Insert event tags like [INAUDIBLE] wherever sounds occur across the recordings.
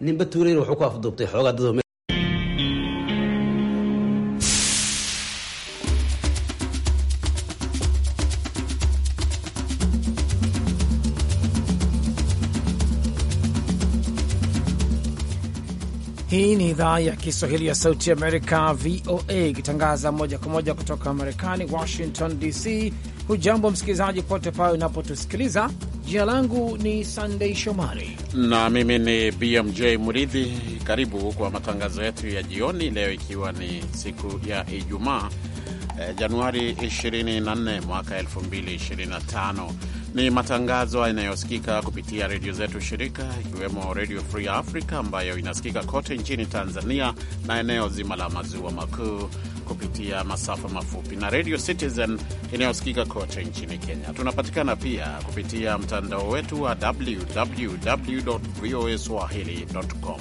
ninba tuureyn wuxuu ku afduubtay xoogaa dad Hii ni idhaa ya Kiswahili ya Sauti Amerika, VOA, ikitangaza moja kwa moja kutoka Marekani, Washington DC. Hujambo msikilizaji pote pale unapotusikiliza Jina langu ni sandei Shomari na mimi ni BMJ Muridhi. Karibu kwa matangazo yetu ya jioni leo, ikiwa ni siku ya Ijumaa eh, Januari 24 mwaka 2025. Ni matangazo yanayosikika kupitia redio zetu shirika, ikiwemo Redio Free Africa ambayo inasikika kote nchini Tanzania na eneo zima la maziwa makuu kupitia masafa mafupi na Radio Citizen inayosikika kote nchini Kenya. Tunapatikana pia kupitia mtandao wetu wa www voa swahili.com.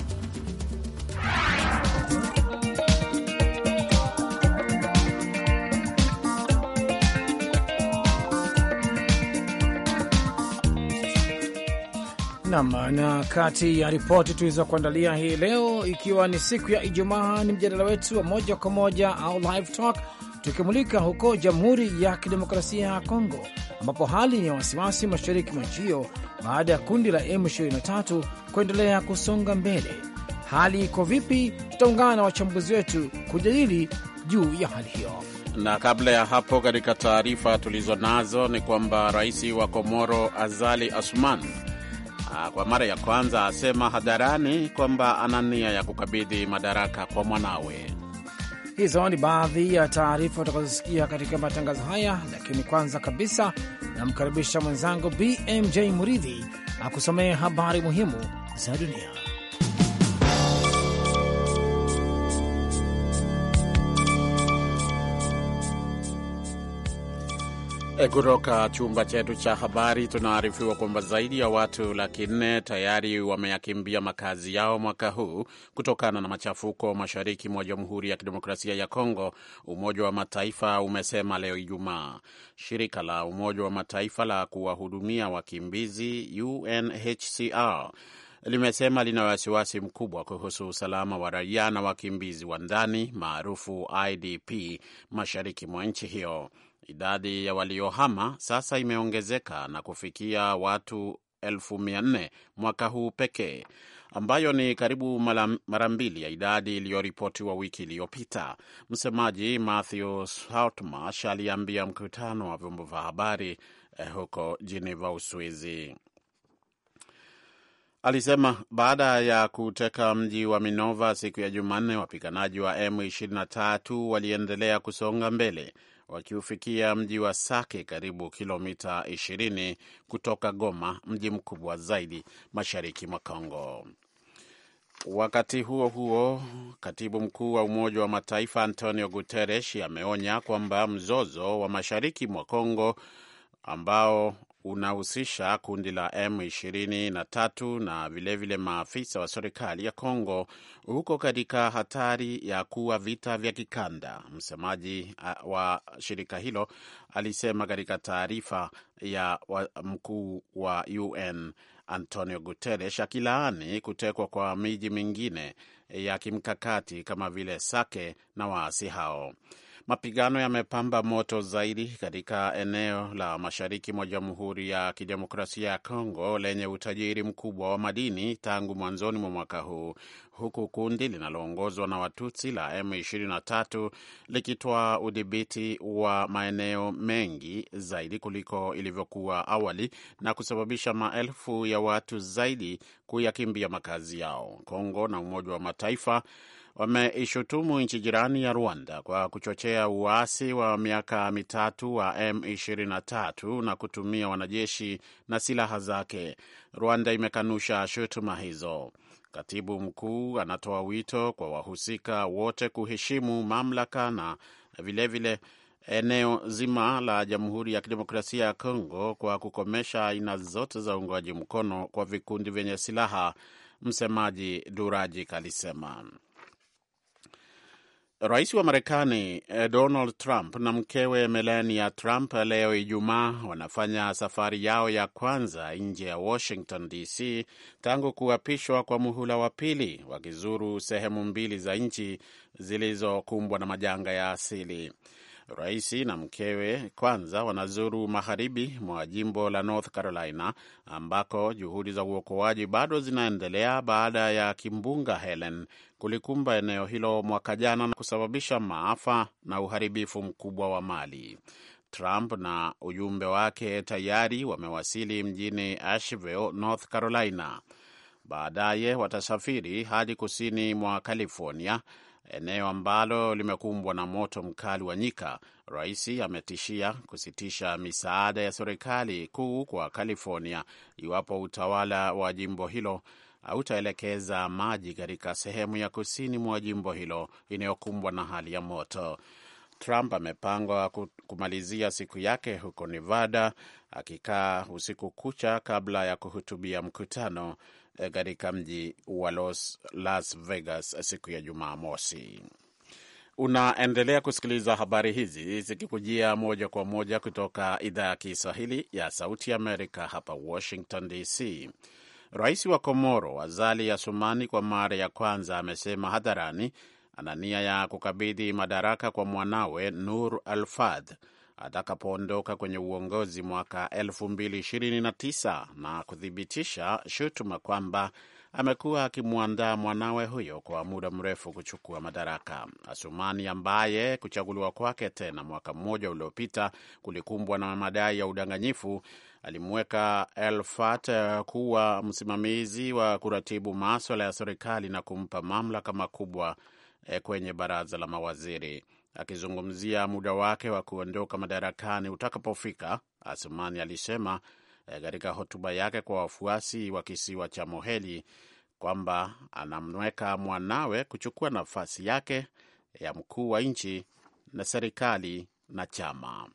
Nam na kati ya ripoti tulizokuandalia hii leo, ikiwa ni siku ya Ijumaa, ni mjadala wetu wa moja kwa moja au live talk, tukimulika huko Jamhuri ya Kidemokrasia ya Kongo, ambapo hali ni ya wasiwasi mashariki mwa nchi hiyo baada ya kundi la M23 kuendelea kusonga mbele. Hali iko vipi? Tutaungana na wachambuzi wetu kujadili juu ya hali hiyo na kabla ya hapo, katika taarifa tulizo nazo ni kwamba rais wa Komoro Azali Asman Ah, kwa mara ya kwanza asema hadharani kwamba ana nia ya kukabidhi madaraka kwa mwanawe. Hizo ni baadhi ya taarifa utakazosikia katika matangazo haya, lakini kwanza kabisa namkaribisha mwenzangu BMJ Muridhi akusomea habari muhimu za dunia. Eh, kutoka chumba chetu cha habari tunaarifiwa kwamba zaidi ya watu laki nne tayari wameyakimbia makazi yao mwaka huu kutokana na machafuko mashariki mwa Jamhuri ya Kidemokrasia ya Kongo, Umoja wa Mataifa umesema leo Ijumaa. Shirika la Umoja wa Mataifa la kuwahudumia wakimbizi UNHCR limesema lina wasiwasi mkubwa kuhusu usalama wa raia na wakimbizi wa ndani maarufu IDP mashariki mwa nchi hiyo. Idadi ya waliohama sasa imeongezeka na kufikia watu elfu mia nne mwaka huu pekee, ambayo ni karibu mara mbili ya idadi iliyoripotiwa wiki iliyopita. Msemaji Matthew Saltmarsh aliambia mkutano wa vyombo vya habari eh, huko Geneva, Uswizi. Alisema baada ya kuteka mji wa Minova siku ya Jumanne, wapiganaji wa M23 waliendelea kusonga mbele wakiufikia mji wa Sake, karibu kilomita 20 kutoka Goma, mji mkubwa zaidi mashariki mwa Kongo. Wakati huo huo, katibu mkuu wa Umoja wa Mataifa Antonio Guterres ameonya kwamba mzozo wa mashariki mwa Kongo ambao unahusisha kundi la M23 na vilevile vile maafisa wa serikali ya congo huko katika hatari ya kuwa vita vya kikanda. Msemaji wa shirika hilo alisema katika taarifa ya mkuu wa UN Antonio Guterres akilaani kutekwa kwa miji mingine ya kimkakati kama vile Sake na waasi hao. Mapigano yamepamba moto zaidi katika eneo la mashariki mwa Jamhuri ya Kidemokrasia ya Kongo lenye utajiri mkubwa wa madini tangu mwanzoni mwa mwaka huu, huku kundi linaloongozwa na Watutsi la M23 likitoa udhibiti wa maeneo mengi zaidi kuliko ilivyokuwa awali na kusababisha maelfu ya watu zaidi kuyakimbia makazi yao. Kongo na Umoja wa Mataifa wameishutumu nchi jirani ya Rwanda kwa kuchochea uasi wa miaka mitatu wa M23 na kutumia wanajeshi na silaha zake. Rwanda imekanusha shutuma hizo. Katibu mkuu anatoa wito kwa wahusika wote kuheshimu mamlaka na vilevile vile eneo zima la Jamhuri ya Kidemokrasia ya Kongo kwa kukomesha aina zote za uungwaji mkono kwa vikundi vyenye silaha. Msemaji Duraji alisema Rais wa Marekani eh, Donald Trump na mkewe Melania Trump leo Ijumaa wanafanya safari yao ya kwanza nje ya Washington DC tangu kuapishwa kwa muhula wa pili, wakizuru sehemu mbili za nchi zilizokumbwa na majanga ya asili. Rais na mkewe kwanza wanazuru magharibi mwa jimbo la North Carolina ambako juhudi za uokoaji bado zinaendelea baada ya kimbunga Helen kulikumba eneo hilo mwaka jana na kusababisha maafa na uharibifu mkubwa wa mali. Trump na ujumbe wake tayari wamewasili mjini Asheville, North Carolina. Baadaye watasafiri hadi kusini mwa California, eneo ambalo limekumbwa na moto mkali wa nyika. Rais ametishia kusitisha misaada ya serikali kuu kwa California iwapo utawala wa jimbo hilo hautaelekeza maji katika sehemu ya kusini mwa jimbo hilo inayokumbwa na hali ya moto. Trump amepangwa kumalizia siku yake huko Nevada akikaa usiku kucha kabla ya kuhutubia mkutano eh, katika mji wa Los Las Vegas siku ya Jumamosi. Unaendelea kusikiliza habari hizi zikikujia moja kwa moja kutoka idhaa ya Kiswahili ya Sauti ya Amerika hapa Washington DC. Rais wa Komoro Azali Asumani kwa mara ya kwanza amesema hadharani ana nia ya kukabidhi madaraka kwa mwanawe Nur Alfadh atakapoondoka kwenye uongozi mwaka 2029 na kuthibitisha shutuma kwamba amekuwa akimwandaa mwanawe huyo kwa muda mrefu kuchukua madaraka. Asumani ambaye kuchaguliwa kwake tena mwaka mmoja uliopita kulikumbwa na madai ya udanganyifu alimweka Elfat eh, kuwa msimamizi wa kuratibu maswala ya serikali na kumpa mamlaka makubwa eh, kwenye baraza la mawaziri. Akizungumzia muda wake wa kuondoka madarakani utakapofika, Asumani alisema eh, katika hotuba yake kwa wafuasi wa kisiwa cha Moheli kwamba anamweka mwanawe kuchukua nafasi yake ya mkuu wa nchi na serikali na chama.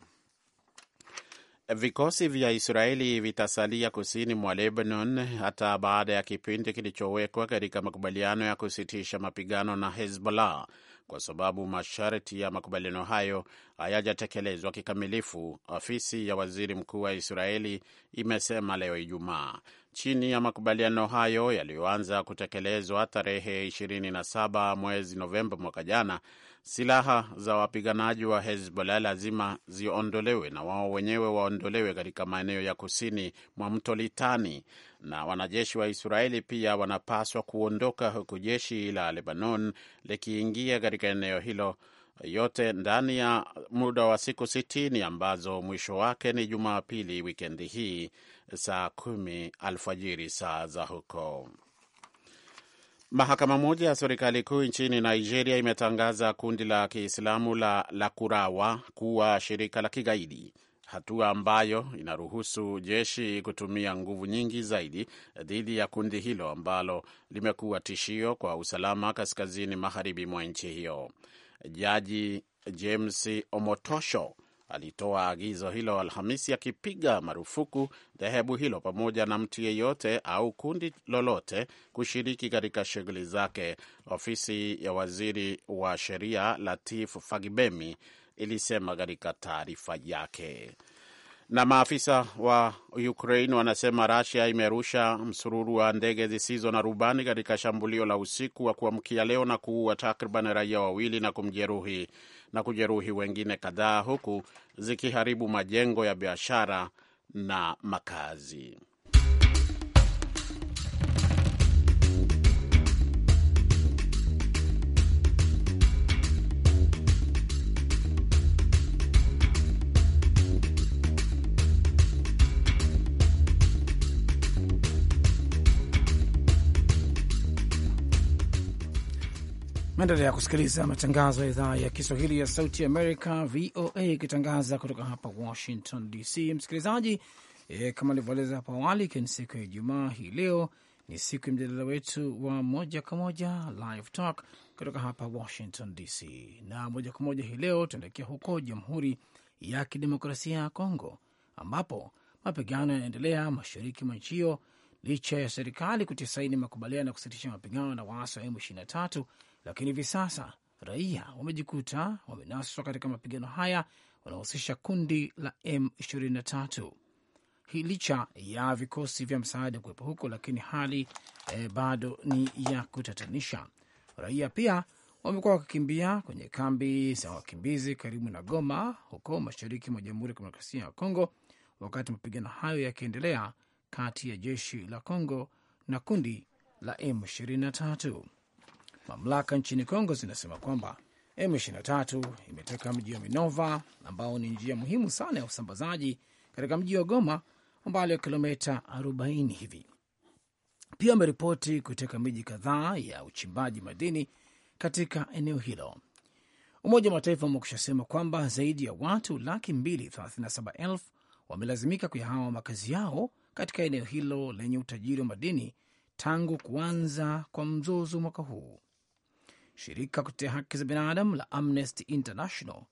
Vikosi vya Israeli vitasalia kusini mwa Lebanon hata baada ya kipindi kilichowekwa katika makubaliano ya kusitisha mapigano na Hezbollah, kwa sababu masharti ya makubaliano hayo hayajatekelezwa kikamilifu, ofisi ya waziri mkuu wa Israeli imesema leo Ijumaa. Chini ya makubaliano hayo yaliyoanza kutekelezwa tarehe 27 mwezi Novemba mwaka jana, silaha za wapiganaji wa Hezbollah lazima ziondolewe na wao wenyewe waondolewe katika maeneo ya kusini mwa mto Litani, na wanajeshi wa Israeli pia wanapaswa kuondoka, huku jeshi la Lebanon likiingia katika eneo hilo yote ndani ya muda wa siku sitini ambazo mwisho wake ni Jumapili wikendi hii saa kumi alfajiri saa za huko. Mahakama moja ya serikali kuu nchini Nigeria imetangaza kundi la Kiislamu la Lakurawa kuwa shirika la kigaidi, hatua ambayo inaruhusu jeshi kutumia nguvu nyingi zaidi dhidi ya kundi hilo ambalo limekuwa tishio kwa usalama kaskazini magharibi mwa nchi hiyo. Jaji James Omotosho alitoa agizo hilo Alhamisi akipiga marufuku dhehebu hilo pamoja na mtu yeyote au kundi lolote kushiriki katika shughuli zake. Ofisi ya waziri wa sheria Latif Fagibemi ilisema katika taarifa yake. Na maafisa wa Ukraine wanasema Russia imerusha msururu wa ndege zisizo na rubani katika shambulio la usiku wa kuamkia leo na kuua takriban raia wawili na kumjeruhi na kujeruhi wengine kadhaa huku zikiharibu majengo ya biashara na makazi. Maendelea kusikiliza matangazo ya idhaa ya Kiswahili ya Sauti Amerika, VOA, ikitangaza kutoka hapa Washington DC. Msikilizaji e, kama alivyoeleza hapo awali, ikiwa ni siku ya Ijumaa hii leo ni siku ya mjadala wetu wa moja kwa moja live talk kutoka hapa Washington DC, na moja kwa moja hii leo tunaelekea huko Jamhuri ya Kidemokrasia ya Kongo ambapo mapigano yanaendelea mashariki mwa nchi hiyo licha ya serikali kutia saini makubaliano ya kusitisha mapigano na waasi wa M23 lakini hivi sasa raia wamejikuta wamenaswa katika mapigano haya wanaohusisha kundi la M23. Hii licha ya vikosi vya msaada kuwepo huko, lakini hali e, bado ni ya kutatanisha. Raia pia wamekuwa wakikimbia kwenye kambi za wakimbizi karibu na Goma huko mashariki mwa Jamhuri ya Kidemokrasia ya Kongo, wakati mapigano hayo yakiendelea kati ya jeshi la Kongo na kundi la M23. Mamlaka nchini Kongo zinasema kwamba M23 imeteka mji wa Minova ambao ni njia muhimu sana ya usambazaji katika mji wa Goma umbali wa kilomita 40 hivi. Pia ameripoti kuteka miji kadhaa ya uchimbaji madini katika eneo hilo. Umoja wa Mataifa sema kwamba zaidi ya watu laki mbili wamelazimika kuyahama makazi yao katika eneo hilo lenye utajiri wa madini tangu kuanza kwa mzozo mwaka huu. Shirika kutetea haki za binadamu la Amnesty International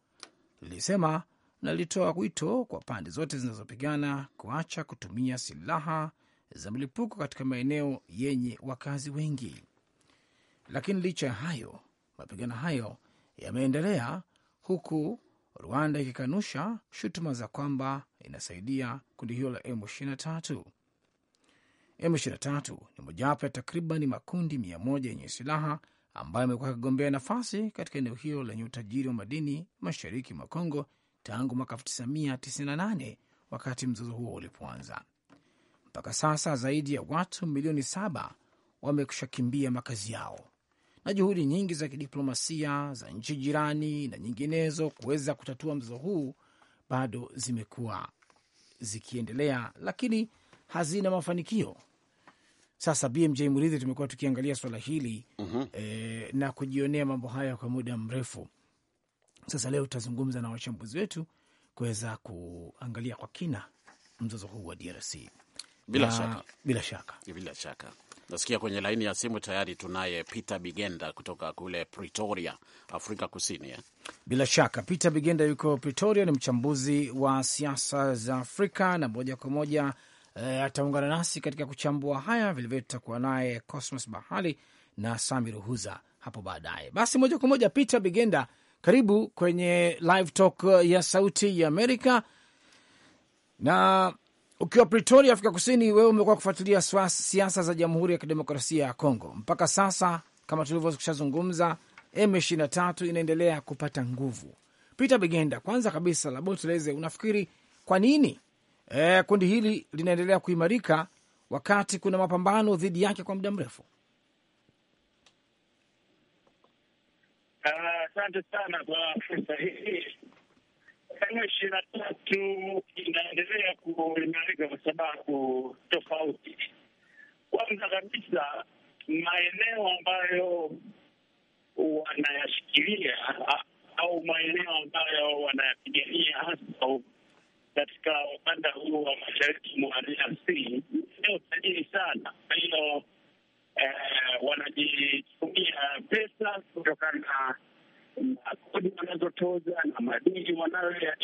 lilisema na lilitoa wito kwa pande zote zinazopigana kuacha kutumia silaha za mlipuko katika maeneo yenye wakazi wengi. Lakini licha ya hayo, mapigano hayo yameendelea huku Rwanda ikikanusha shutuma za kwamba inasaidia kundi hilo la M23. M23 ni mojawapo ya takriban makundi mia moja yenye silaha ambaye amekuwa akigombea nafasi katika eneo hilo lenye utajiri wa madini mashariki mwa Kongo tangu mwaka 1998 wakati mzozo huo ulipoanza. Mpaka sasa zaidi ya watu milioni saba wamekushakimbia makazi yao, na juhudi nyingi za kidiplomasia za nchi jirani na nyinginezo kuweza kutatua mzozo huu bado zimekuwa zikiendelea, lakini hazina mafanikio sasa BMJ Murithi, tumekuwa tukiangalia swala hili mm -hmm. e, na kujionea mambo haya kwa muda mrefu sasa. Leo tutazungumza na wachambuzi wetu kuweza kuangalia kwa kina mzozo huu wa DRC bila, shaka. bila shaka bila shaka nasikia kwenye laini ya simu tayari tunaye Peter Bigenda kutoka kule Pretoria, Afrika Kusini eh? Bila shaka Peter Bigenda yuko Pretoria, ni mchambuzi wa siasa za Afrika na moja kwa moja e, ataungana nasi katika kuchambua haya. Vilevile tutakuwa naye Cosmos Bahali na Sami Ruhuza hapo baadaye. Basi moja kwa moja, Peter Bigenda, karibu kwenye Live Talk ya Sauti ya Amerika. Na ukiwa Pretoria, Afrika Kusini, wewe umekuwa kufuatilia siasa za Jamhuri ya Kidemokrasia ya Kongo mpaka sasa. Kama tulivyokushazungumza, M23 inaendelea kupata nguvu. Peter Bigenda, kwanza kabisa, labda tueleze unafikiri kwa nini e, kundi hili linaendelea kuimarika wakati kuna mapambano dhidi yake kwa muda mrefu. Asante uh, sana kwa fursa hii. Emu ishirini na tatu inaendelea kuimarika kwa sababu tofauti. Kwanza kabisa, maeneo ambayo wanayashikilia au maeneo ambayo wanayapigania hasa ukanda huu wa mashariki mwa DRC ni utajiri sana. Kwa hiyo eh, wanajitumia pesa kutokana na kodi wanazotoza na madini ya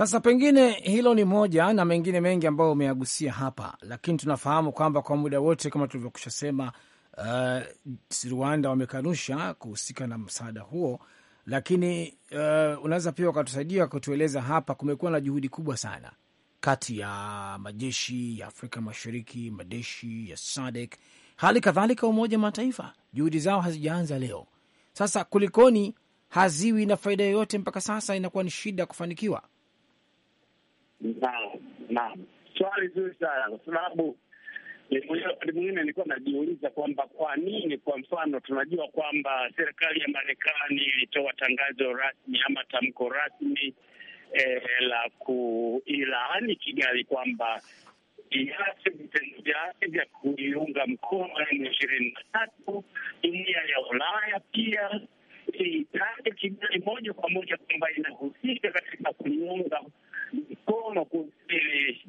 Sasa pengine hilo ni moja na mengine mengi ambayo umeagusia hapa, lakini tunafahamu kwamba kwa muda wote kama tulivyokusha sema, uh, Rwanda wamekanusha kuhusika na msaada huo, lakini uh, unaweza pia ukatusaidia kutueleza hapa. Kumekuwa na juhudi kubwa sana kati ya majeshi ya Afrika Mashariki, majeshi ya SADC, hali kadhalika Umoja wa Mataifa. Juhudi zao hazijaanza leo. Sasa kulikoni haziwi na faida yoyote mpaka sasa? Inakuwa ni shida kufanikiwa Naam, swali zuri sana, kwa sababu wakati mwingine nilikuwa najiuliza kwamba kwa nini, kwa mfano, tunajua kwamba serikali ya Marekani ilitoa tangazo rasmi ama tamko rasmi eh, la kuilaani Kigali kwamba iache vitendo vyake vya kuiunga mkono M ishirini na tatu. Jumuiya ya Ulaya pia iitaje Kigali moja kwa moja kwamba inahusika katika kuiunga mkono kuwasili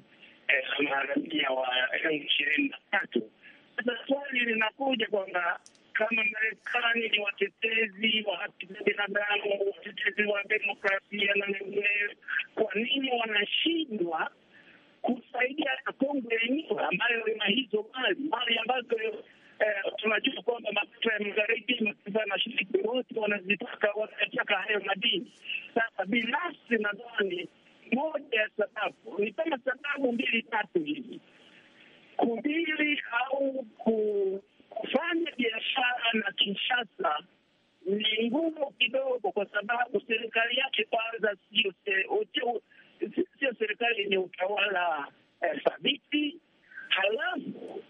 eh, maharamia wa elfu ishirini na tatu. Sasa swali linakuja kwamba kama Marekani ni watetezi wa haki za binadamu, watetezi wa demokrasia na mengineyo, kwa nini wanashindwa kusaidia Kongo yenyewe ambayo ina hizo mali mali ambazo eh, tunajua kwamba mataifa ya magharibi, mataifa ya mashariki wote wanazitaka, wanataka hayo madini. Sasa binafsi nadhani moja ya sababu, nisema sababu mbili tatu hivi, kubili au kufanya biashara na Kinshasa ni ngumu kidogo, kwa sababu serikali yake kwanza sio serikali yenye utawala eh, halafu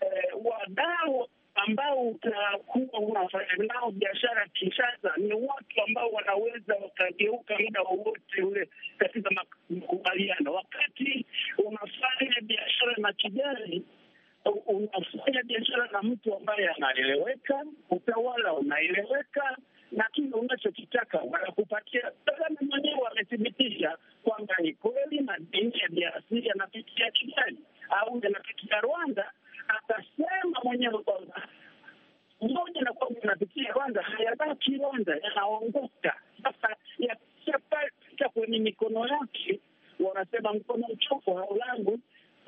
eh, wadau ambao utakuwa unafanya nao biashara Kinshasa ni watu ambao wanaweza wakageuka muda wowote ule katika makubaliano. Wakati unafanya biashara na kijani, unafanya biashara na mtu ambaye anaeleweka, utawala unaeleweka na kile unachokitaka wanakupatia. Kagame mwenyewe wamethibitisha kwamba ni kweli madini ya DRC yanapitia Kigali au yanapitia Rwanda, akasema mwenyewe kwamba moja na kwamba unapitia Rwanda, hayabaki Rwanda, yanaongoka sasa, yakishapata kwenye mikono yake, wanasema mkono mchofu haulangu.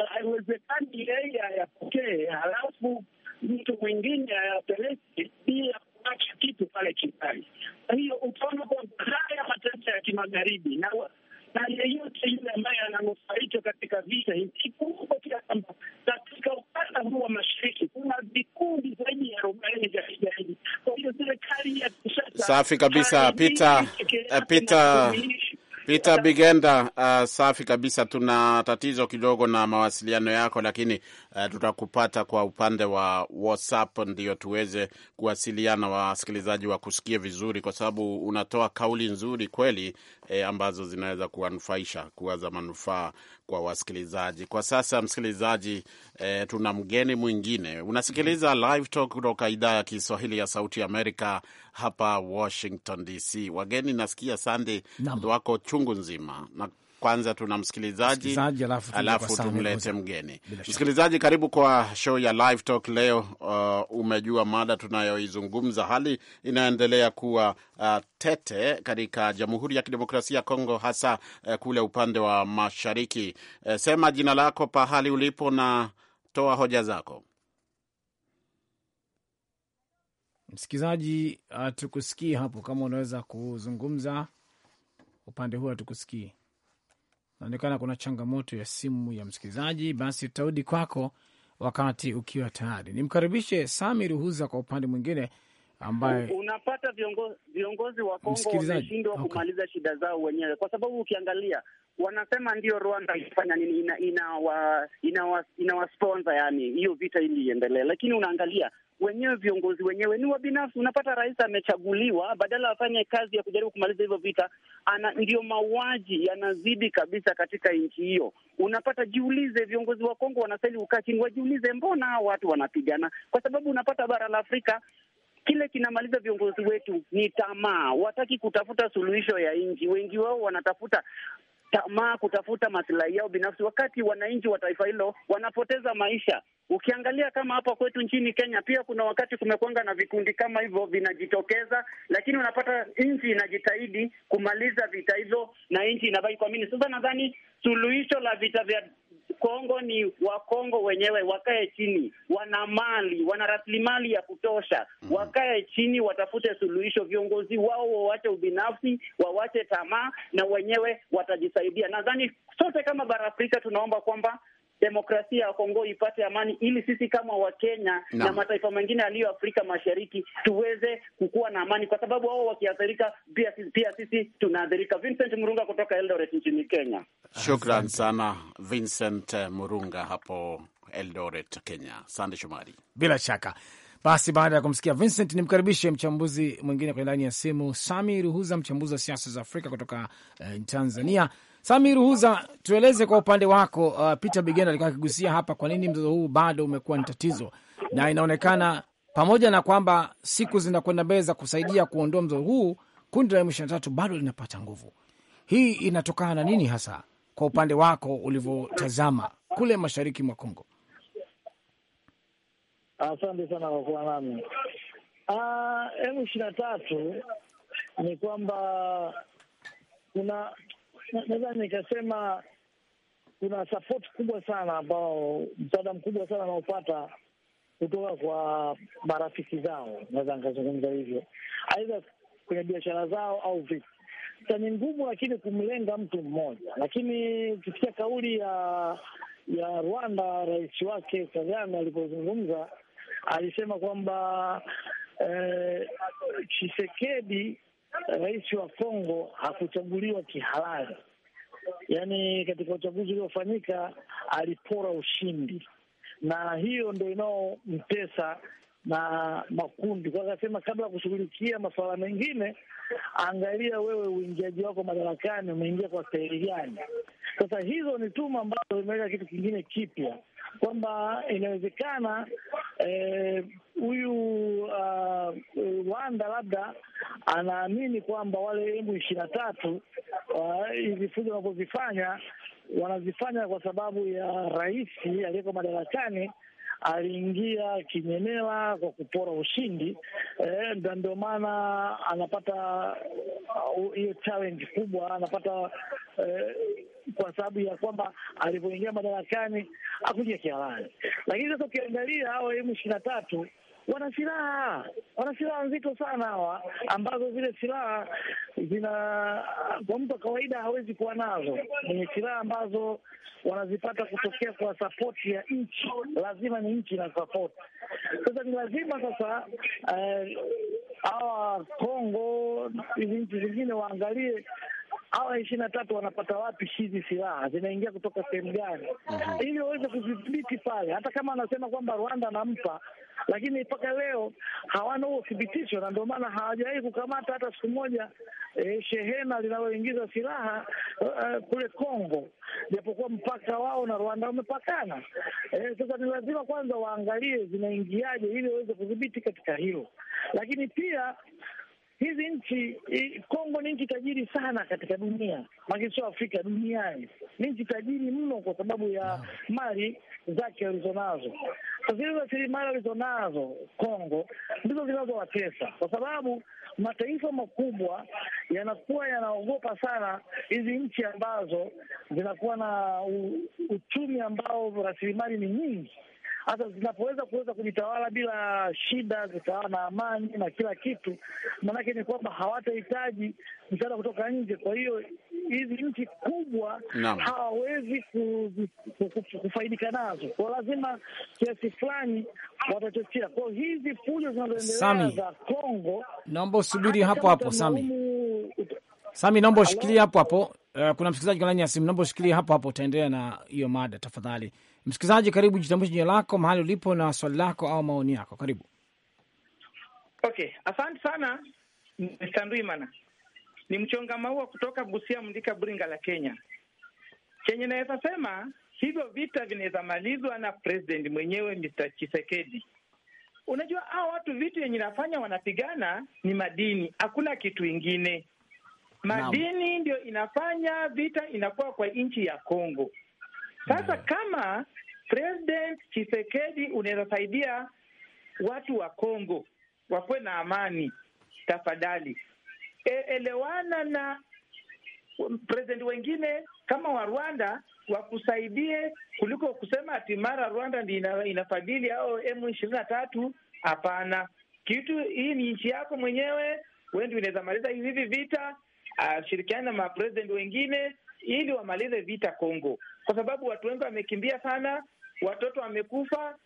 Haiwezekani yeye ayapokee halafu mtu mwingine ayapeleke bila kuacha kitu pale Kigali. Kwa hiyo utaona kwamba haya mataifa ya kimagharibi na na yeyote yule ambaye ananufaika katika vita hii kumbuka pia kwamba ukanda huu wa mashariki kuna vikundi zaidi ya arobaini vya kigaidi. Kwa hiyo serikali ya Kinshasa. Safi kabisa, Peter eh, Peter Peter Bigenda. Uh, safi kabisa. Tuna tatizo kidogo na mawasiliano yako, lakini uh, tutakupata kwa upande wa WhatsApp ndio tuweze kuwasiliana, wasikilizaji wa vizuri, kwa sababu unatoa kauli nzuri kweli, eh, ambazo zinaweza kuwanufaisha kuwa za manufaa kwa wasikilizaji. Kwa sasa msikilizaji, eh, tuna mgeni mwingine. Unasikiliza Live Talk kutoka idhaa ya Kiswahili ya Sauti Amerika hapa Washington DC. Wageni nasikia sande wako chungu nzima na kwanza tuna msikilizaji, alafu tumlete mgeni msikilizaji. Karibu kwa show ya Live Talk leo. Uh, umejua mada tunayoizungumza, hali inaendelea kuwa uh, tete katika Jamhuri ya Kidemokrasia ya Kongo, hasa uh, kule upande wa mashariki. Uh, sema jina lako, pahali ulipo na toa hoja zako. Msikilizaji, uh, hatukusikii hapo, kama unaweza kuzungumza upande huo, hatukusikii naonekana kuna changamoto ya simu ya msikilizaji, basi tutarudi kwako wakati ukiwa tayari. Nimkaribishe Sami Ruhuza kwa upande mwingine ambaye unapata viongozi, viongozi wa Kongo wameshindwa okay, kumaliza shida zao wenyewe, kwa sababu ukiangalia wanasema ndio Rwanda ifanya nini, ina ina, ina, yani hiyo vita ili iendelee, lakini unaangalia wenyewe viongozi wenyewe ni wabinafsi. Unapata rais amechaguliwa, badala afanye kazi ya kujaribu kumaliza hivyo vita, ana ndio mauaji yanazidi kabisa katika nchi hiyo. Unapata jiulize, viongozi wa Kongo wanastahili ukaa chini wajiulize, mbona hao watu wanapigana? Kwa sababu unapata bara la Afrika kile kinamaliza viongozi wetu ni tamaa, wataki kutafuta suluhisho ya nchi. Wengi wao wanatafuta tamaa kutafuta masilahi yao binafsi, wakati wananchi wa taifa hilo wanapoteza maisha. Ukiangalia kama hapa kwetu nchini Kenya pia kuna wakati kumekwanga na vikundi kama hivyo vinajitokeza, lakini unapata nchi inajitahidi kumaliza vita hivyo na nchi inabaki kwa mini. Sasa nadhani suluhisho la vita vya Kongo ni Wakongo wenyewe, wakae chini, wana mali, wana rasilimali ya kutosha, mm-hmm. wakae chini, watafute suluhisho. Viongozi wao wawache ubinafsi, wawache tamaa, na wenyewe watajisaidia. Nadhani sote kama bara Afrika tunaomba kwamba demokrasia ya Kongo ipate amani, ili sisi kama Wakenya na, na mataifa mengine yaliyo Afrika Mashariki tuweze kukuwa na amani, kwa sababu wao wakiathirika, pia, pia sisi tunaathirika. Vincent Murunga kutoka Eldoret nchini Kenya. Shukran sana Vincent Murunga hapo Eldoret, Kenya. Sande Shomari, bila shaka basi baada ya kumsikia Vincent, nimkaribishe mchambuzi mwingine kwenye laini ya simu, Sami Ruhuza, mchambuzi wa siasa za Afrika kutoka uh, Tanzania. Sami Ruhuza, tueleze kwa upande wako. Uh, Peter Bigenda alikuwa akigusia hapa, kwa nini mzozo huu bado umekuwa ni tatizo, na inaonekana pamoja na kwamba siku zinakwenda mbele za kusaidia kuondoa mzozo huu, kundi la M23 bado linapata nguvu. Hii inatokana na nini hasa, kwa upande wako ulivyotazama kule mashariki mwa Kongo? Asante sana kwa kuwa nami. Emu ah, ishirini na tatu ni kwamba kuna naweza nikasema kuna support kubwa sana ambao msaada mkubwa sana anaopata kutoka kwa marafiki zao, naweza nikazungumza hivyo, aidha kwenye biashara zao au vipi. Sasa ni ngumu, lakini kumlenga mtu mmoja, lakini ukisikia kauli ya ya Rwanda, rais wake Kagame alipozungumza alisema kwamba eh, Chisekedi rais wa Kongo hakuchaguliwa kihalali, yaani katika uchaguzi uliofanyika alipora ushindi, na hiyo ndo inaomtesa na makundi. Kwa akasema kabla ya kushughulikia masuala mengine, angalia wewe uingiaji wako madarakani umeingia kwa staili gani. Sasa hizo ni tuma ambazo imeweka kitu kingine kipya kwamba inawezekana eh, huyu eh, uh, Rwanda labda anaamini kwamba wale emu ishirini na tatu ah, hivi fujo wanavyovifanya wanazifanya kwa sababu ya rais aliyeko madarakani aliingia kinyenela kwa kupora ushindi eh, ndio maana anapata uh, hiyo uh, challenge kubwa anapata eh, kwa sababu ya kwamba alivyoingia madarakani akuja kialani. lakini sasa ukiangalia hao M ishirini na tatu wana silaha, wana silaha nzito sana hawa, ambazo zile silaha zina kwa mtu wa kawaida hawezi kuwa nazo. Ni silaha ambazo wanazipata kutokea kwa sapoti ya nchi, lazima ni nchi na sapoti. Sasa ni lazima sasa eh, hawa uh, Kongo hizi nchi zingine waangalie hawa ishirini na tatu wanapata wapi hizi silaha, zinaingia kutoka sehemu gani? mm -hmm. ili waweze kuzidhibiti pale, hata kama anasema kwamba Rwanda anampa lakini mpaka leo hawana huo uthibitisho, na ndio maana hawajawahi kukamata hata siku moja e, shehena linaloingiza silaha uh, kule Kongo, japokuwa mpaka wao na Rwanda wamepakana. E, sasa ni lazima kwanza waangalie zinaingiaje ili waweze kudhibiti katika hilo, lakini pia hizi nchi Kongo ni nchi tajiri sana katika dunia, maana sio Afrika, duniani ni nchi tajiri mno, kwa sababu ya ah. mali zake nazo Sasa hizo rasilimali alizonazo Kongo ndizo zinazowatesa, kwa sababu mataifa makubwa yanakuwa yanaogopa sana hizi nchi ambazo zinakuwa na uchumi ambao rasilimali ni nyingi Hasa zinapoweza kuweza kujitawala bila shida, zitawala na amani na kila kitu, maanake ni kwamba hawatahitaji msaada kutoka nje. Kwa hiyo hizi nchi kubwa hawawezi kufaidika nazo, kwa lazima kiasi fulani watachochea. Kwa hizi fujo zinazoendelea za Kongo, naomba usubiri hapo hapo, Sami Sami, naomba ushikilie hapo hapo. Uh, kuna msikilizaji kwa laini ya simu, naomba ushikilie hapo hapo, utaendelea na hiyo mada tafadhali. Msikilizaji karibu, jitambulishe jina lako, mahali ulipo na swali lako au maoni yako, karibu. Okay, asante sana Mr. Ni mchonga maua kutoka Busia, Mndika, Buringa la Kenya. Chenye naweza sema hivyo vita vinaweza malizwa na president mwenyewe Mr. Chisekedi. Unajua hao watu vitu yenye nafanya wanapigana ni madini, hakuna kitu ingine madini ndio inafanya vita inakuwa kwa nchi ya Kongo. Sasa kama President Chisekedi unaweza saidia watu wa Kongo wakuwe na amani, tafadhali e, elewana na president wengine kama wa Rwanda wakusaidie kuliko kusema ati mara Rwanda ndi inafadhili au M ishirini na tatu. Hapana, kitu hii ni nchi yako mwenyewe, wendi unaweza maliza hivi vita ashirikiane ah, na mapresident wengine ili wamalize vita Kongo, kwa sababu watu wengi wamekimbia sana, watoto wamekufa,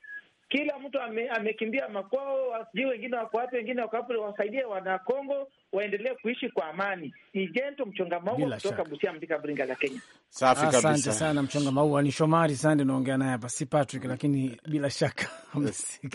kila mtu ame, amekimbia makwao, sijui wengine wako wapi, wengine wako wapi, wasaidie wana Kongo waendelee kuishi kwa amani. Ni Jento Mchonga Maua kutoka Busia, Mvika, Bringa la Kenya. Safi kabisa, asante sana Mchonga Maua. Ni Shomari Sande naongea naye hapa, si Patrick, lakini bila shaka [LAUGHS]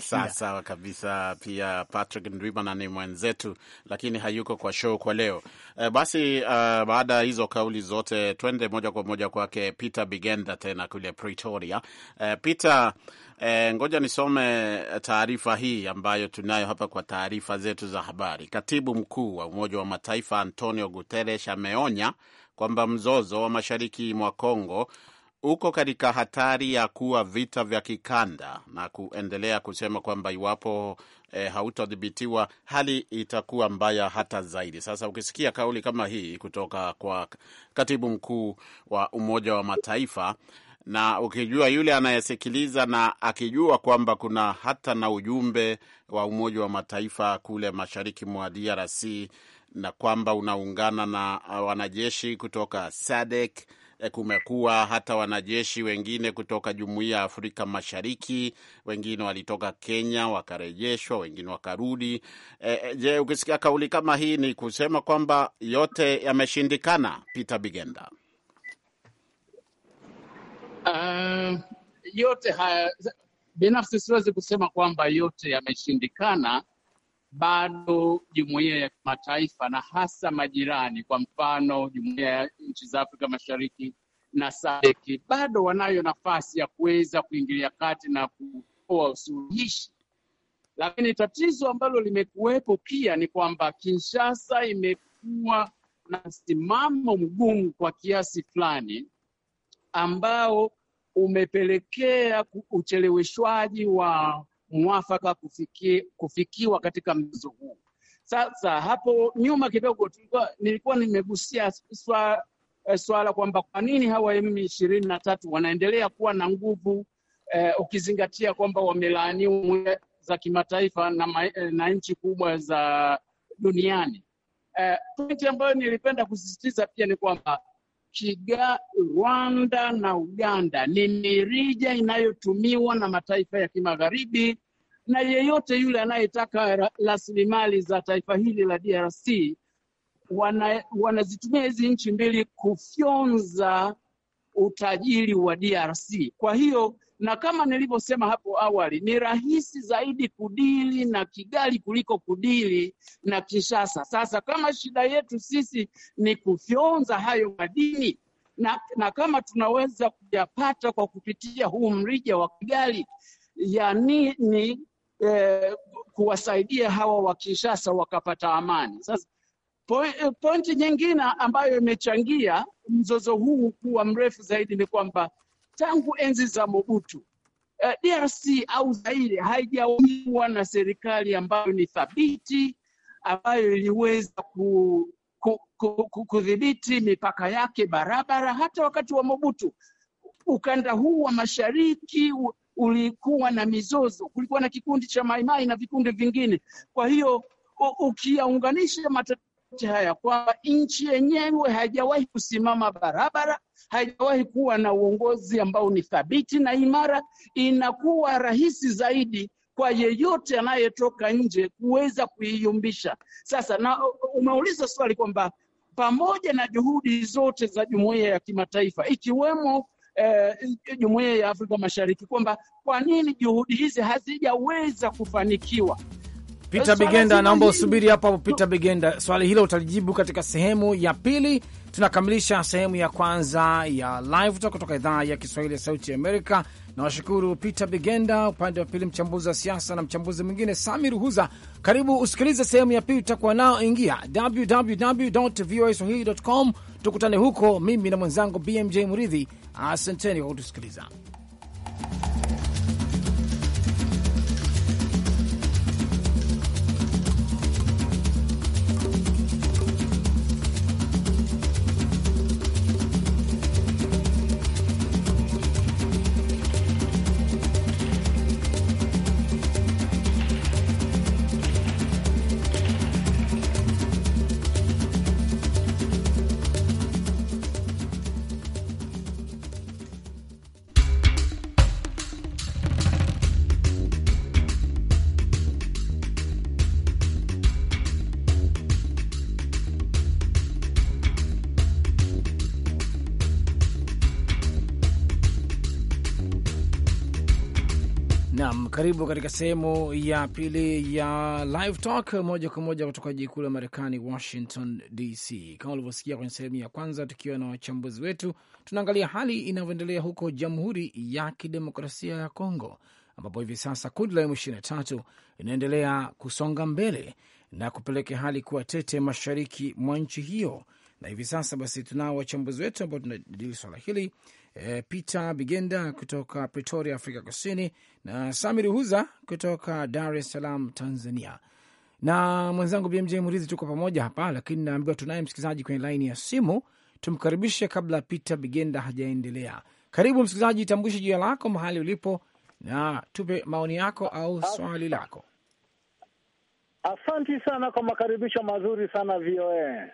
sawa sawa kabisa. Pia Patrick Ndwimana ni mwenzetu, lakini hayuko kwa show kwa leo. E, basi uh, baada ya hizo kauli zote, twende moja kwa moja kwake Peter Bigenda tena kule Pretoria. E, Peter E, ngoja nisome taarifa hii ambayo tunayo hapa kwa taarifa zetu za habari. Katibu mkuu wa Umoja wa Mataifa Antonio Guterres ameonya kwamba mzozo wa mashariki mwa congo uko katika hatari ya kuwa vita vya kikanda na kuendelea kusema kwamba iwapo e, eh, hautadhibitiwa hali itakuwa mbaya hata zaidi. Sasa ukisikia kauli kama hii kutoka kwa katibu mkuu wa Umoja wa Mataifa na ukijua yule anayesikiliza na akijua kwamba kuna hata na ujumbe wa Umoja wa Mataifa kule mashariki mwa DRC na kwamba unaungana na wanajeshi kutoka SADC. Eh, kumekuwa hata wanajeshi wengine kutoka Jumuiya ya Afrika Mashariki, wengine walitoka Kenya wakarejeshwa, wengine wakarudi. E, je, ukisikia kauli kama hii ni kusema kwamba yote yameshindikana? Peter Bigenda. Uh, yote haya binafsi siwezi kusema kwamba yote yameshindikana. Bado jumuiya ya kimataifa na hasa majirani, kwa mfano jumuiya ya nchi za Afrika Mashariki na SADC bado wanayo nafasi ya kuweza kuingilia kati na kutoa usuluhishi, lakini tatizo ambalo limekuwepo pia ni kwamba Kinshasa imekuwa na msimamo mgumu kwa kiasi fulani ambao umepelekea ucheleweshwaji wa mwafaka kufiki, kufikiwa katika mzozo huu. Sasa hapo nyuma kidogo nilikuwa nimegusia eh, swala swa kwamba kwa nini hawa M ishirini na tatu wanaendelea kuwa na nguvu eh, ukizingatia kwamba wamelaaniwa za kimataifa na, eh, na nchi kubwa za duniani. Eh, pointi ambayo nilipenda kusisitiza pia ni kwamba Kiga, Rwanda na Uganda ni mirija inayotumiwa na mataifa ya kimagharibi, na yeyote yule anayetaka rasilimali za taifa hili la DRC wana, wanazitumia hizi nchi mbili kufyonza utajiri wa DRC. Kwa hiyo na kama nilivyosema hapo awali, ni rahisi zaidi kudili na Kigali kuliko kudili na Kinshasa. Sasa kama shida yetu sisi ni kufyonza hayo madini na, na kama tunaweza kuyapata kwa kupitia huu mrija wa Kigali yani ni eh, kuwasaidia hawa wa Kinshasa wakapata amani. Sasa pointi nyingine ambayo imechangia mzozo huu kuwa mrefu zaidi ni kwamba tangu enzi za Mobutu Uh, eh, DRC au Zaire haijaumwa na serikali ambayo ni thabiti, ambayo iliweza ku, ku, ku, ku, kudhibiti mipaka yake barabara. Hata wakati wa Mobutu ukanda huu wa mashariki ulikuwa na mizozo, kulikuwa na kikundi cha Maimai na vikundi vingine. Kwa hiyo ukiyaunganisha matatizo haya kwamba nchi yenyewe haijawahi kusimama barabara, haijawahi kuwa na uongozi ambao ni thabiti na imara. Inakuwa rahisi zaidi kwa yeyote anayetoka nje kuweza kuiyumbisha. Sasa na umeuliza swali kwamba pamoja na juhudi zote za jumuiya ya kimataifa ikiwemo eh, jumuiya ya Afrika Mashariki kwamba kwa nini juhudi hizi hazijaweza kufanikiwa? Peter Bigenda, naomba usubiri hapo hapo. Peter Bigenda, swali hilo utalijibu katika sehemu ya pili. Tunakamilisha sehemu ya kwanza ya Live Talk kutoka idhaa ya Kiswahili ya Sauti ya Amerika. Nawashukuru Peter Bigenda, upande wa pili mchambuzi wa siasa na mchambuzi mwingine Sami Ruhuza. Karibu usikilize sehemu ya pili utakuwa nao, ingia www voa swahili com, tukutane huko, mimi na mwenzangu BMJ Muridhi. Asanteni kwa kutusikiliza. Karibu katika sehemu ya pili ya Live Talk moja kwa moja kutoka jiji kuu la Marekani, Washington DC. Kama ulivyosikia kwenye sehemu ya kwanza, tukiwa na wachambuzi wetu, tunaangalia hali inavyoendelea huko Jamhuri ya Kidemokrasia ya Kongo, ambapo hivi sasa kundi la M23 inaendelea kusonga mbele na kupelekea hali kuwa tete mashariki mwa nchi hiyo, na hivi sasa basi tunao wachambuzi wetu ambao tunajadili swala hili E, Peter Bigenda kutoka Pretoria, Afrika Kusini, na Sami Ruhuza kutoka Dar es Salaam, Tanzania, na mwenzangu BMJ Murithi. Tuko pamoja hapa, lakini naambiwa tunaye msikilizaji kwenye laini ya simu. Tumkaribishe kabla Peter Bigenda hajaendelea. Karibu msikilizaji, tambulishe jina lako, mahali ulipo, na tupe maoni yako au ah. swali lako. Asanti sana kwa makaribisho mazuri sana VOA.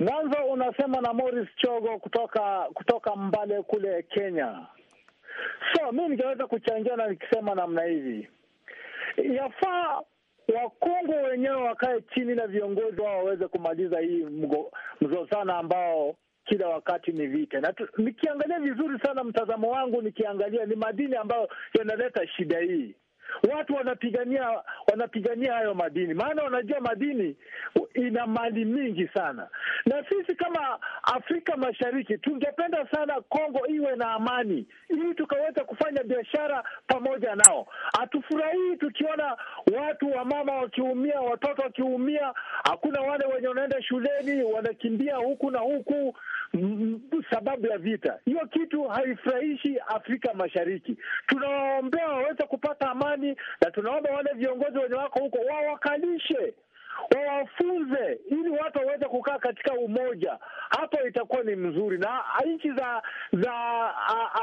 Mwanzo unasema na Morris Chogo kutoka kutoka Mbale kule Kenya. So mi ningeweza kuchangia na nikisema namna hivi, yafaa wakungu wenyewe wakae chini na viongozi wao waweze kumaliza hii mzozana ambao kila wakati ni vita, na nikiangalia vizuri sana, mtazamo wangu nikiangalia ni madini ambayo yanaleta shida hii watu wanapigania wanapigania hayo madini, maana wanajua madini ina mali mingi sana. Na sisi kama Afrika Mashariki tungependa sana Kongo iwe na amani, ili tukaweza kufanya biashara pamoja nao. Hatufurahii tukiona watu wa mama wakiumia, watoto wakiumia, hakuna wale wenye wanaenda shuleni, wanakimbia huku na huku sababu ya vita. Hiyo kitu haifurahishi Afrika Mashariki. Tunawaombea waweze kupata amani serikali, na tunaomba wale viongozi wenye wako huko wawakalishe wawafunze ili watu waweze kukaa katika umoja. Hapo itakuwa ni mzuri, na nchi za za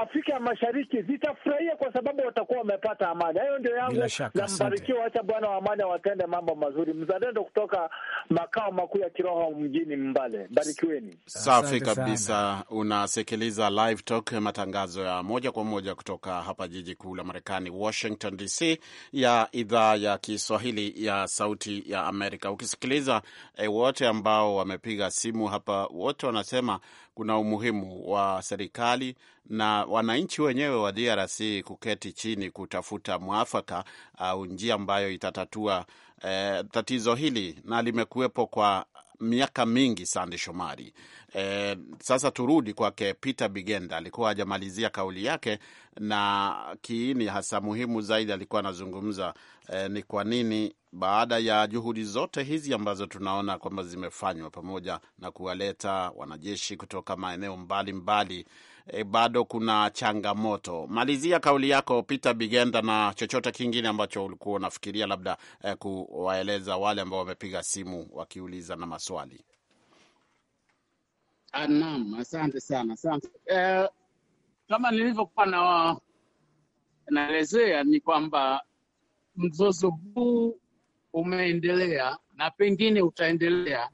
Afrika ya Mashariki zitafurahia kwa sababu watakuwa wamepata amani. Hayo ndio yangu na mbarikiwa, wacha Bwana wa amani awatende mambo mazuri. Mzalendo kutoka makao makuu ya kiroho mjini Mbale, barikiweni. Safi kabisa. Unasikiliza Live Talk, matangazo ya moja kwa moja kutoka hapa jiji kuu la Marekani, Washington DC, ya idhaa ya Kiswahili ya Sauti ya Amerika. Afrika. Ukisikiliza e, wote ambao wamepiga simu hapa, wote wanasema kuna umuhimu wa serikali na wananchi wenyewe wa DRC kuketi chini kutafuta mwafaka au njia ambayo itatatua e, tatizo hili, na limekuwepo kwa miaka mingi, Sande Shomari. E, sasa turudi kwake Peter Bigenda, alikuwa hajamalizia kauli yake, na kiini hasa muhimu zaidi alikuwa anazungumza e, ni kwa nini baada ya juhudi zote hizi ambazo tunaona kwamba zimefanywa pamoja na kuwaleta wanajeshi kutoka maeneo mbalimbali mbali, e, bado kuna changamoto. Malizia kauli yako Peter Bigenda, na chochote kingine ambacho ulikuwa unafikiria labda e, kuwaeleza wale ambao wamepiga simu wakiuliza na maswali. Ah, naam, asante sana, asante e, kama nilivyokuwa na naelezea ni kwamba mzozo huu umeendelea na pengine utaendelea,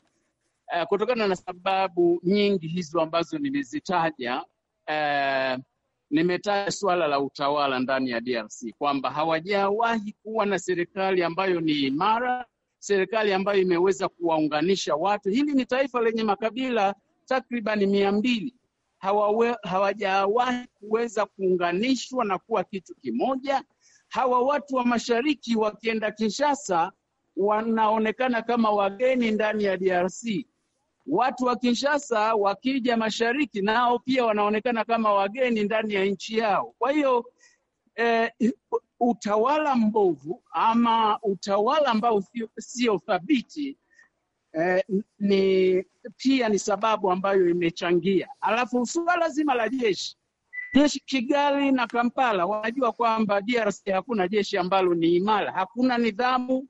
uh, kutokana na sababu nyingi hizo ambazo nimezitaja eh, nimetaja suala la utawala ndani ya DRC kwamba hawajawahi kuwa na serikali ambayo ni imara, serikali ambayo imeweza kuwaunganisha watu. Hili ni taifa lenye makabila takriban mia mbili hawajawahi kuweza kuunganishwa na kuwa kitu kimoja. Hawa watu wa mashariki wakienda Kinshasa wanaonekana kama wageni ndani ya DRC watu wa Kinshasa wakija mashariki, nao pia wanaonekana kama wageni ndani ya nchi yao. Kwa hiyo eh, utawala mbovu ama utawala ambao sio thabiti eh, ni pia ni sababu ambayo imechangia. Alafu suala zima la jeshi jeshi Kigali na Kampala wanajua kwamba DRC hakuna jeshi ambalo ni imara, hakuna nidhamu,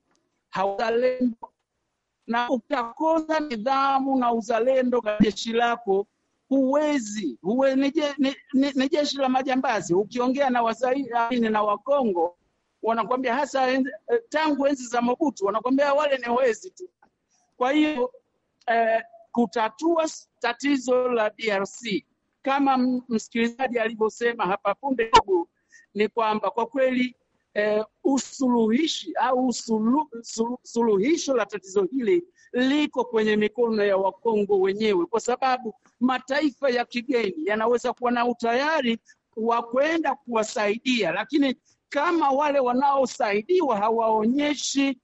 hawazalendo na utakosa nidhamu na uzalendo kwa jeshi lako huwezi huwe, ni jeshi la majambazi. Ukiongea na Wazaini na Wakongo wanakwambia hasa enzi, eh, tangu enzi za Mobutu wanakwambia wale ni wezi tu. Kwa hiyo eh, kutatua tatizo la DRC kama msikilizaji alivyosema hapa punde, ni kwamba kwa kweli eh, usuluhishi au ah, usulu, sulu, suluhisho la tatizo hili liko kwenye mikono ya Wakongo wenyewe, kwa sababu mataifa ya kigeni yanaweza kuwa na utayari wa kwenda kuwasaidia, lakini kama wale wanaosaidiwa hawaonyeshi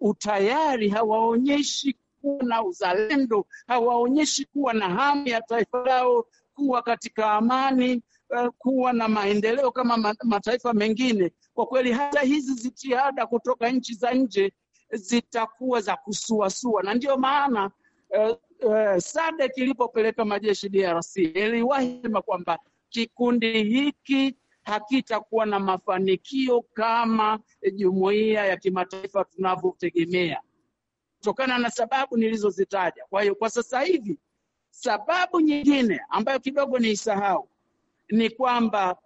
utayari, hawaonyeshi kuwa na uzalendo, hawaonyeshi kuwa na hamu ya taifa lao kuwa katika amani uh, kuwa na maendeleo kama mataifa mengine. Kwa kweli, hata hizi jitihada kutoka nchi za nje zitakuwa za kusuasua, na ndiyo maana uh, eh, uh, eh, SADC ilipopeleka majeshi DRC iliwahi sema kwamba kikundi hiki hakitakuwa na mafanikio kama jumuiya ya kimataifa tunavyotegemea kutokana na sababu nilizozitaja. Kwa hiyo kwa sasa hivi sababu nyingine ambayo kidogo niisahau ni kwamba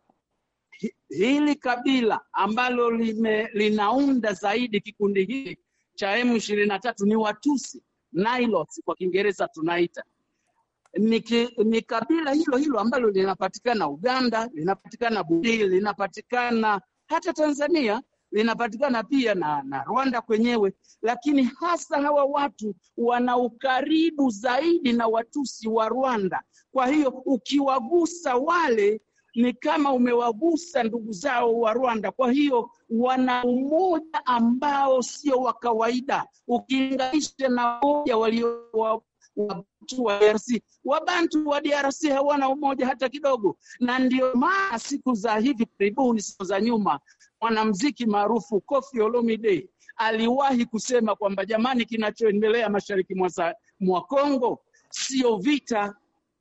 hili kabila ambalo lime, linaunda zaidi kikundi hili cha M ishirini na tatu ni Watusi, Nilots kwa Kiingereza tunaita ni, ki, ni kabila hilo hilo ambalo linapatikana Uganda, linapatikana Burundi, linapatikana hata Tanzania linapatikana pia na, na Rwanda kwenyewe, lakini hasa hawa watu wana ukaribu zaidi na Watusi wa Rwanda. Kwa hiyo ukiwagusa wale ni kama umewagusa ndugu zao wa Rwanda. Kwa hiyo wana umoja ambao sio wa kawaida ukilinganisha na moja walio wa Wabantu wa DRC. Wabantu wa DRC hawana umoja hata kidogo, na ndio maana siku za hivi karibuni, siku za nyuma, mwanamziki maarufu Koffi Olomide aliwahi kusema kwamba jamani, kinachoendelea mashariki mwa Kongo sio vita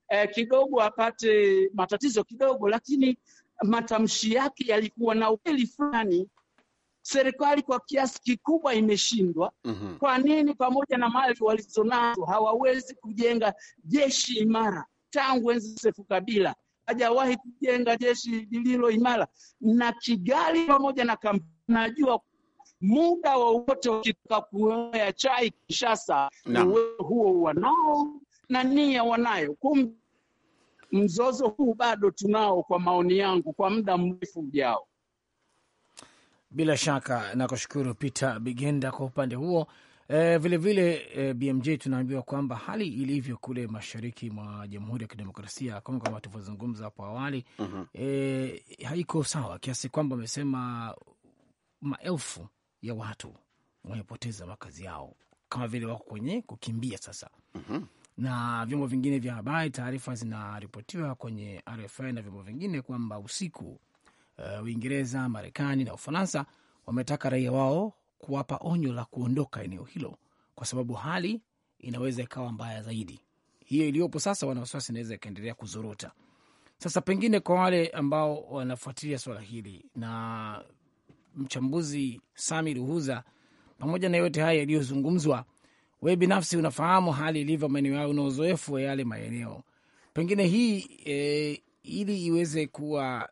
eh, kidogo apate matatizo kidogo, lakini matamshi yake yalikuwa na ukweli fulani. Serikali kwa kiasi kikubwa imeshindwa. mm -hmm. Kwa nini pamoja na mali walizonazo hawawezi kujenga jeshi imara tangu enzi Sefu Kabila hajawahi kujenga jeshi lililo imara, na Kigali pamoja na Kampala, najua muda wowote wakitaka kuoya chai Kinshasa, uwezo huo wanao na nia wanayo. Kumbe mzozo huu bado tunao, kwa maoni yangu, kwa muda mrefu ujao. Bila shaka nakushukuru Peter Bigenda kwa upande huo. Vilevile eh, vile, e, eh, BMJ tunaambiwa kwamba hali ilivyo kule mashariki mwa Jamhuri ya Kidemokrasia ya Kongo kama tulivyozungumza hapo awali mm -hmm. E, haiko sawa kiasi kwamba wamesema maelfu ya watu wamepoteza makazi yao kama vile wako kwenye kukimbia sasa mm -hmm. na vyombo vingine vya habari, taarifa zinaripotiwa kwenye RFI na vyombo vingine kwamba usiku, uh, Uingereza, Marekani na Ufaransa wametaka raia wao kuwapa onyo la kuondoka eneo hilo, kwa sababu hali inaweza ikawa mbaya zaidi. Hiyo iliyopo sasa, wana wasiwasi inaweza ikaendelea kuzorota. Sasa pengine kwa wale ambao wanafuatilia swala hili na mchambuzi Sami Ruhuza, pamoja na yote haya yaliyozungumzwa, wewe binafsi unafahamu hali ilivyo maeneo yao, una uzoefu wa yale maeneo, pengine hii e, ili iweze kuwa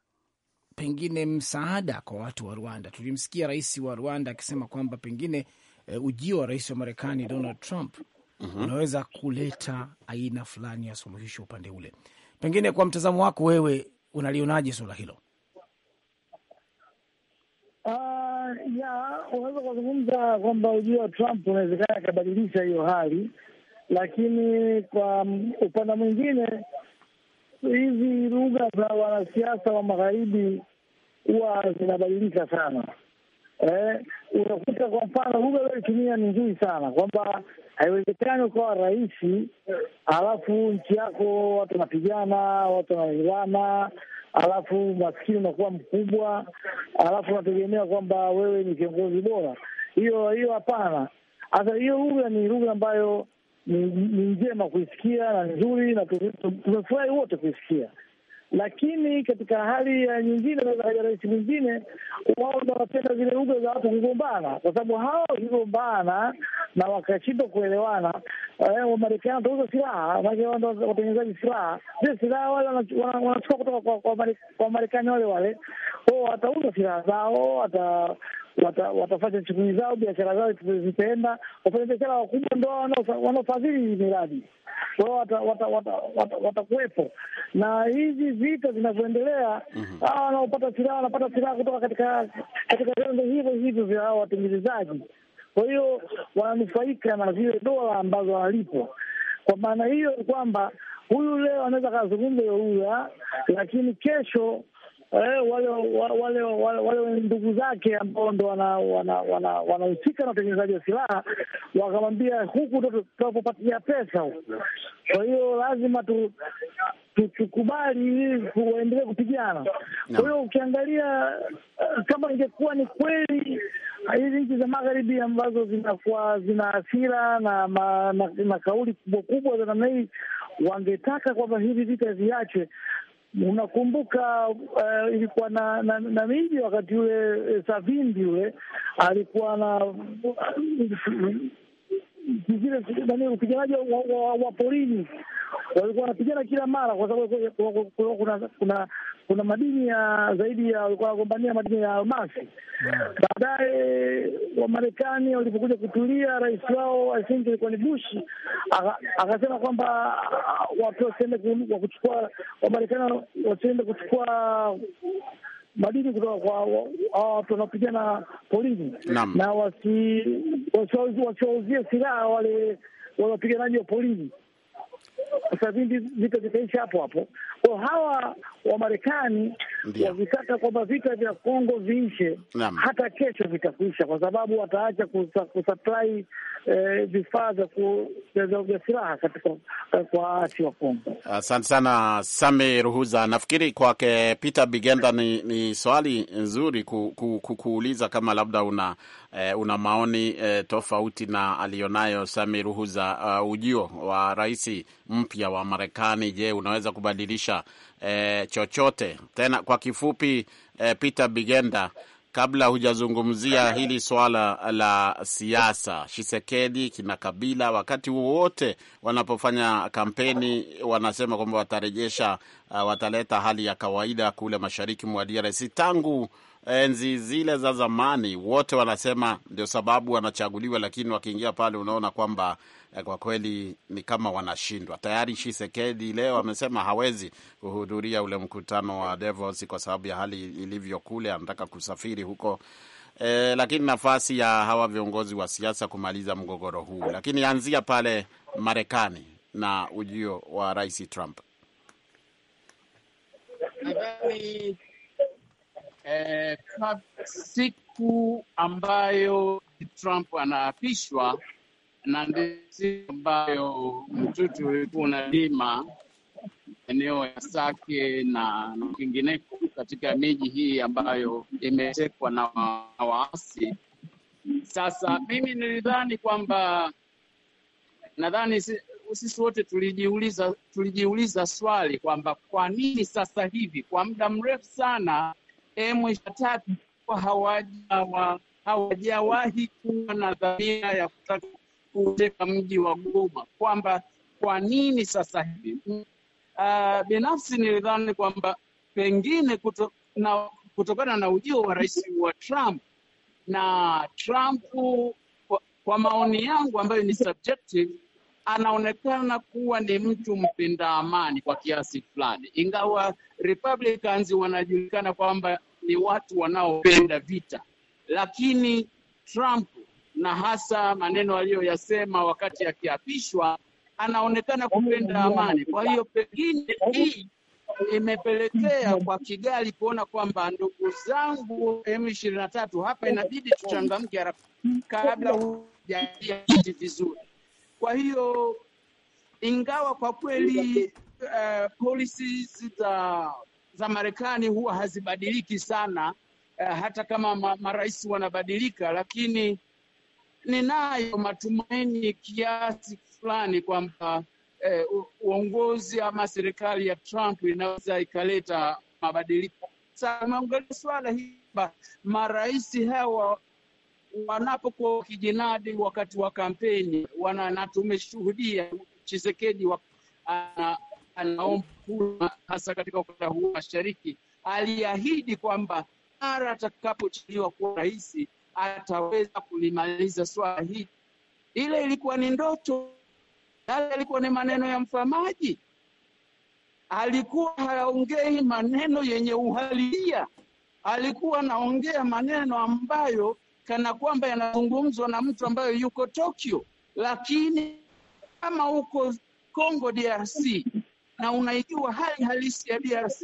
pengine msaada kwa watu wa Rwanda. Tulimsikia rais wa Rwanda akisema kwamba pengine e, ujio wa rais wa Marekani Donald Trump mm -hmm. unaweza kuleta aina fulani ya suluhisho upande ule. Pengine kwa mtazamo wako wewe unalionaje suala hilo? Uh, ya unaweza kuzungumza kwamba ujio wa Trump unawezekana akabadilisha hiyo hali, lakini kwa upande mwingine hizi lugha za wanasiasa wa magharibi huwa zinabadilika sana. Eh, unakuta kwa mfano lugha unayoitumia ni nzuri sana, kwamba haiwezekani ukawa rais alafu nchi yako watu wanapigana, watu wanaelana, alafu maskini unakuwa mkubwa, alafu unategemea kwamba wewe ni kiongozi bora. Hiyo hiyo hapana. hasa hiyo lugha ni lugha ambayo ni njema kuisikia na nzuri, na tumefurahi wote kuisikia, lakini katika hali ya nyingine ya rais mwingine, wao ndo wanapenda zile uga za watu kugombana, kwa sababu hawa wakigombana na wakashindwa kuelewana, eh, Wamarekani wanatauza silaha, ndo watengenezaji silaha. Zile silaha wale wanachukua kutoka kwa Wamarekani wale wale, kwao watauza silaha zao wata wata, watafanya shughuli zao, biashara zao zitaenda. Wafanyabiashara wakubwa ndo wanaofadhili miradi, kwa watakuwepo wata, wata, wata, wata na hizi vita zinavyoendelea mm -hmm. wanaopata silaha wanapata silaha kutoka katika katika vyombo hivyo hivyo vya hao watengenezaji, kwa hiyo wananufaika na zile dola ambazo walipo. Kwa maana hiyo ni kwamba huyu leo anaweza akazungumza youla, ah, lakini kesho Eh, wale wale wale ndugu zake ambao ndo wanahusika na utengenezaji wa silaha wakamwambia, huku ndo tunapopatia pesa. Kwa hiyo lazima tukubali waendelee kupigana. Kwa hiyo ukiangalia, eh, kama ingekuwa ni kweli ah, hizi nchi za magharibi ambazo zinakuwa zina hasira na, na, na kauli kubwa kubwa za namna hii, wangetaka kwamba hivi vita viache Unakumbuka uh, ilikuwa na, na, na miji wakati ule e, Savimbi ule alikuwa na zile nani upiganaji wa porini walikuwa wanapigana kila mara, kwa sababu kuna kuna kuna madini ya zaidi ya walikuwa wanagombania madini ya almasi. Baadaye Wamarekani walipokuja kutulia, rais wao I think ilikuwa ni Bush akasema kwamba uh, watu wasiende kuchukua, Wamarekani wasiende kuchukua madini kutoka kwa watu wanaopigana polini na wasiwauzie silaha wale wapiganaji wa polini sasa hivi vita vitaisha hapo hapo. Kwa hawa wa Marekani wakitaka kwamba vita vya Kongo viishe, hata kesho vitakuisha, kwa sababu wataacha kusupply eh, vifaa vya silaha katika eh, kwa waasi wa Kongo. Asante sana Same Ruhuza. Nafikiri kwake Peter Bigenda ni, ni swali nzuri ku, ku, ku, kuuliza kama labda una eh, una maoni eh, tofauti na aliyonayo Sami Ruhuza. Uh, ujio wa rais mpya wa Marekani, je, unaweza kubadilisha eh, chochote tena? Kwa kifupi eh, Peter Bigenda, kabla hujazungumzia hili swala la siasa, Shisekedi kina Kabila wakati wowote wanapofanya kampeni wanasema kwamba watarejesha, uh, wataleta hali ya kawaida kule mashariki mwa DRC tangu enzi zile za zamani, wote wanasema ndio sababu wanachaguliwa, lakini wakiingia pale unaona kwamba eh, kwa kweli ni kama wanashindwa tayari. Shisekedi leo amesema hawezi kuhudhuria ule mkutano wa Davos kwa sababu ya hali ilivyo kule, anataka kusafiri huko e, lakini nafasi ya hawa viongozi wa siasa kumaliza mgogoro huu, lakini anzia pale Marekani na ujio wa Rais Trump nadhani eh, siku ambayo Trump anaapishwa na ndisi ambayo mtutu ulikuwa unalima eneo ya Sake na kingineko katika miji hii ambayo imetekwa na waasi. Sasa mimi nilidhani kwamba nadhani sisi wote tulijiuliza tulijiuliza swali kwamba kwa nini sasa hivi kwa muda mrefu sana M ishirini hawajawa hawajawahi kuwa na dhamira ya kutaka kuteka mji wa Goma, kwamba kwa nini sasa hivi. Uh, binafsi nilidhani kwamba pengine kuto, na, kutokana na ujio wa rais wa Trump na Trump kwa, kwa maoni yangu ambayo ni subjective anaonekana kuwa ni mtu mpenda amani kwa kiasi fulani, ingawa Republicans wanajulikana kwamba ni watu wanaopenda vita, lakini Trump na hasa maneno aliyoyasema wakati akiapishwa, anaonekana kupenda amani. Kwa hiyo pengine hii imepelekea kwa Kigali kuona kwamba ndugu zangu M ishirini na tatu hapa inabidi tuchangamke kabla hujaia vizuri kwa hiyo ingawa kwa kweli uh, eh, polisi za za Marekani huwa hazibadiliki sana uh, hata kama ma, marais wanabadilika, lakini ninayo matumaini kiasi fulani kwamba uh, uongozi ama serikali ya Trump inaweza ikaleta mabadiliko. Sasa umeongelea suala hili, marais hawa wanapokuwa wakijinadi wakati wa kampeni wana, na tumeshuhudia Chisekedi anaomba kura hasa katika ukanda huu mashariki, aliahidi kwamba mara atakapochaguliwa kuwa rais ataweza kulimaliza swala hili. Ile ilikuwa ni ndoto, yale alikuwa ni maneno ya mfamaji. Alikuwa hayaongei maneno yenye uhalisia, alikuwa anaongea maneno ambayo kana kwamba yanazungumzwa na mtu ambaye yuko Tokyo, lakini kama uko Congo DRC na unaijua hali halisi ya DRC,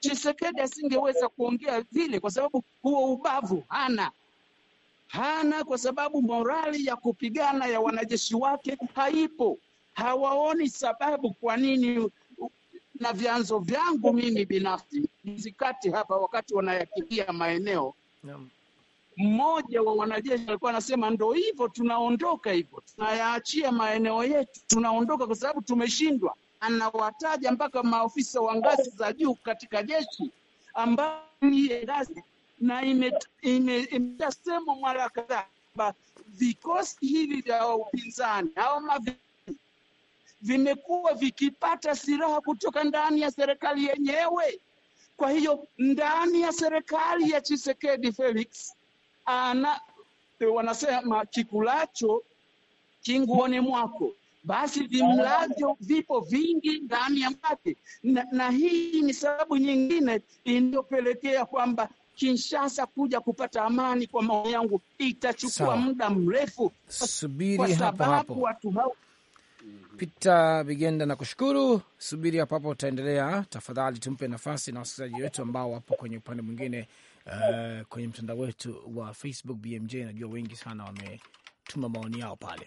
chisekedi asingeweza kuongea vile, kwa sababu huo ubavu hana hana, kwa sababu morali ya kupigana ya wanajeshi wake haipo. Hawaoni sababu kwa nini, na vyanzo vyangu mimi binafsi nizikati hapa, wakati wanayakimbia maeneo mmoja wa wanajeshi alikuwa anasema, ndo hivyo tunaondoka, hivyo tunayaachia maeneo yetu, tunaondoka kwa sababu tumeshindwa. Anawataja mpaka maofisa wa ngazi za juu katika jeshi ambayo ni ngazi na imeta mara kadhaa vikosi hivi vya upinzani au mavii vimekuwa vikipata silaha kutoka ndani ya serikali yenyewe. Kwa hiyo ndani ya serikali ya Chisekedi Felix ana e, wanasema kikulacho kinguoni mwako basi vimlavyo vipo vingi ndani ya mwake na, na hii ni sababu nyingine inayopelekea kwamba Kinshasa kuja kupata amani, kwa maoni yangu, itachukua muda mrefu, subiri hapo hapo. Watu hao Peter Bigenda, na kushukuru. Subiri hapo hapo, utaendelea. Tafadhali tumpe nafasi na wasikilizaji wetu ambao wapo kwenye upande mwingine Eh, kwenye mtandao wetu wa Facebook BMJ. Najua wengi sana wametuma maoni yao pale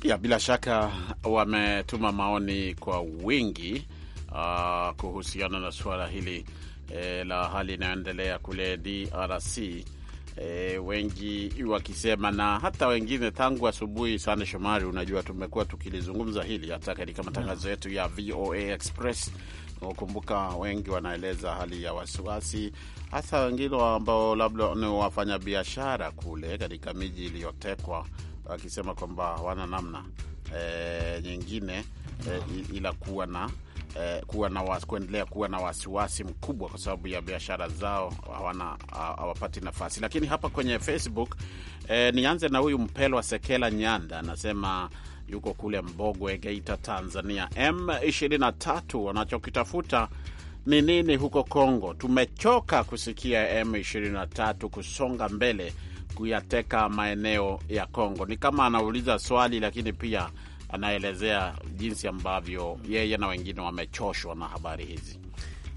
pia, bila shaka wametuma maoni kwa wingi uh, kuhusiana na suala hili eh, la hali inayoendelea kule DRC. E, eh, wengi wakisema na hata wengine tangu asubuhi sande Shomari, unajua tumekuwa tukilizungumza hili hata katika matangazo yetu ya VOA Express Kumbuka wengi wanaeleza hali ya wasiwasi, hasa wengine ambao labda ni wafanya biashara kule katika miji iliyotekwa, wakisema kwamba hawana namna e, nyingine e, ila kuwa na Eh, kuwa na kuendelea kuwa na wasiwasi mkubwa kwa sababu ya biashara zao hawana hawapati nafasi. Lakini hapa kwenye Facebook eh, nianze na huyu Mpelwa Sekela Nyanda anasema yuko kule Mbogwe, Geita, Tanzania. M23 wanachokitafuta ni nini huko Kongo? Tumechoka kusikia M23 kusonga mbele kuyateka maeneo ya Kongo. Ni kama anauliza swali, lakini pia anaelezea jinsi ambavyo yeye na wengine wamechoshwa na habari hizi.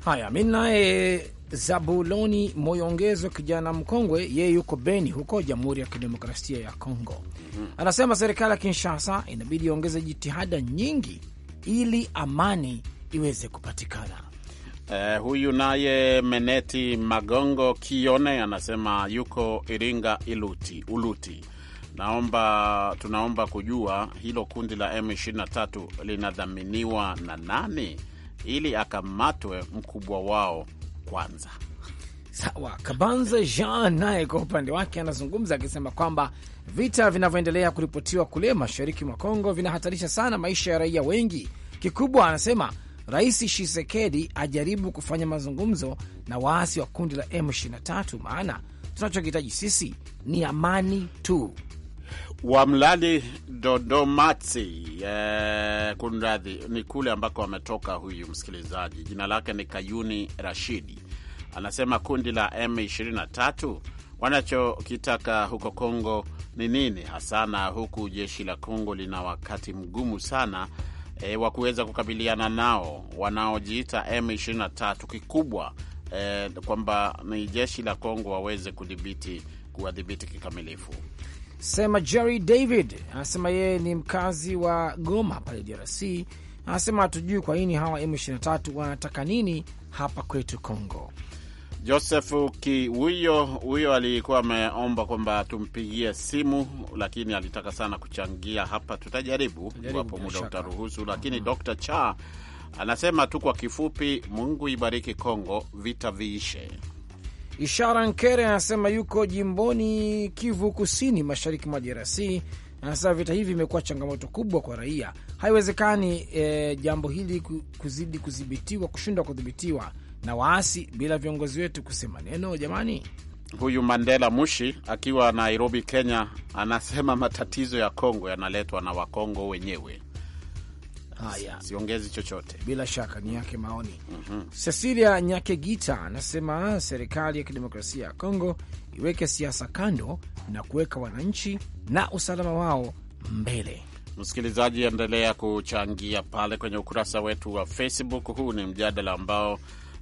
Haya, mi naye Zabuloni Moyongezo, kijana mkongwe, yeye yuko Beni huko Jamhuri ya Kidemokrasia ya Kongo. Mhm. Anasema serikali ya Kinshasa inabidi iongeze jitihada nyingi ili amani iweze kupatikana. Eh, huyu naye Meneti Magongo Kione anasema yuko Iringa Iluti, Uluti. Naomba, tunaomba kujua hilo kundi la M23 linadhaminiwa na nani? ili akamatwe mkubwa wao kwanza. Sawa. Kabanza Jean naye kwa upande wake anazungumza akisema kwamba vita vinavyoendelea kuripotiwa kule mashariki mwa Kongo vinahatarisha sana maisha ya raia wengi. Kikubwa anasema Rais Tshisekedi ajaribu kufanya mazungumzo na waasi wa kundi la M23, maana tunachokihitaji sisi ni amani tu. Wamlali Dodomatsi, eh, kunradhi, ni kule ambako ametoka huyu msikilizaji. Jina lake ni Kayuni Rashidi, anasema kundi la M23 wanachokitaka huko Kongo ni nini hasa, na huku jeshi la Kongo lina wakati mgumu sana e, wa kuweza kukabiliana nao wanaojiita M23. Kikubwa e, kwamba ni jeshi la Kongo waweze kudhibiti kuwadhibiti kikamilifu. Sema Jerry David anasema yeye ni mkazi wa Goma pale DRC. Anasema hatujui kwa nini hawa M23 wanataka nini hapa kwetu Congo. Joseph Kiwuyo huyo alikuwa ameomba kwamba tumpigie simu, lakini alitaka sana kuchangia hapa. Tutajaribu iwapo muda utaruhusu, lakini mm -hmm. Dr Cha anasema tu kwa kifupi, Mungu ibariki Congo, vita viishe. Ishara Nkere anasema yuko jimboni Kivu Kusini, mashariki mwa DRC. Anasema vita hivi vimekuwa changamoto kubwa kwa raia, haiwezekani e, jambo hili kuzidi kudhibitiwa, kushindwa kudhibitiwa na waasi bila viongozi wetu kusema neno. Jamani, huyu Mandela Mushi akiwa Nairobi, Kenya, anasema matatizo ya Kongo yanaletwa na Wakongo wenyewe haya, siongezi chochote, bila shaka ni yake maoni. mm -hmm. Cecilia Nyakegita anasema serikali ya kidemokrasia ya Kongo iweke siasa kando na kuweka wananchi na usalama wao mbele. Msikilizaji, endelea kuchangia pale kwenye ukurasa wetu wa Facebook. Huu ni mjadala ambao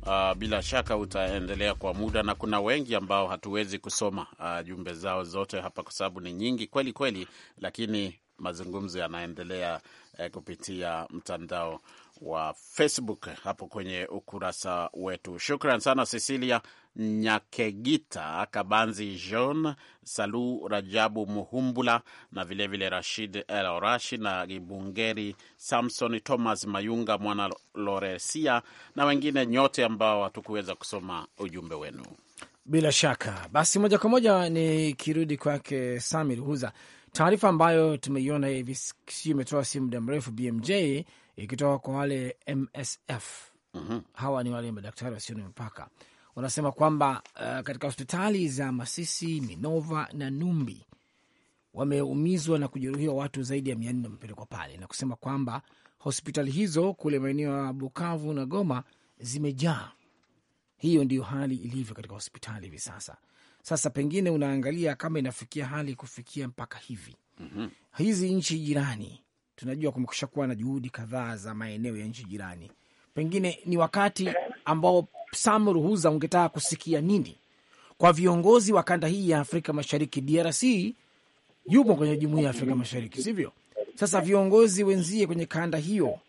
Uh, bila shaka utaendelea kwa muda na kuna wengi ambao hatuwezi kusoma uh, jumbe zao zote hapa kwa sababu ni nyingi kweli kweli, lakini mazungumzo yanaendelea eh, kupitia mtandao wa Facebook hapo kwenye ukurasa wetu. Shukran sana Cecilia Nyakegita, Kabanzi John Salu, Rajabu Muhumbula na vilevile vile Rashid El Orashi na Gibungeri Samson Thomas Mayunga, Mwana Loresia na wengine nyote ambao hatukuweza kusoma ujumbe wenu. Bila shaka basi, moja kwa moja ni kirudi kwake Samir Huza taarifa ambayo tumeiona hivi sio imetoa si muda mrefu BMJ ikitoka kwa wale MSF. mm -hmm. Hawa ni wale madaktari wasio na mipaka, wanasema kwamba uh, katika hospitali za Masisi, Minova na Numbi wameumizwa na kujeruhiwa watu zaidi ya mia nne wamepelekwa pale, na kusema kwamba hospitali hizo kule maeneo ya Bukavu na Goma zimejaa. Hiyo ndiyo hali ilivyo katika hospitali hivi sasa. Sasa pengine unaangalia kama inafikia hali kufikia mpaka hivi mm -hmm. hizi nchi jirani tunajua kumekusha kuwa na juhudi kadhaa za maeneo ya nchi jirani, pengine ni wakati ambao Sam Ruhuza, ungetaka kusikia nini kwa viongozi wa kanda hii ya Afrika Mashariki? DRC yupo kwenye jumuia ya Afrika Mashariki, sivyo? Sasa viongozi wenzie kwenye kanda hiyo,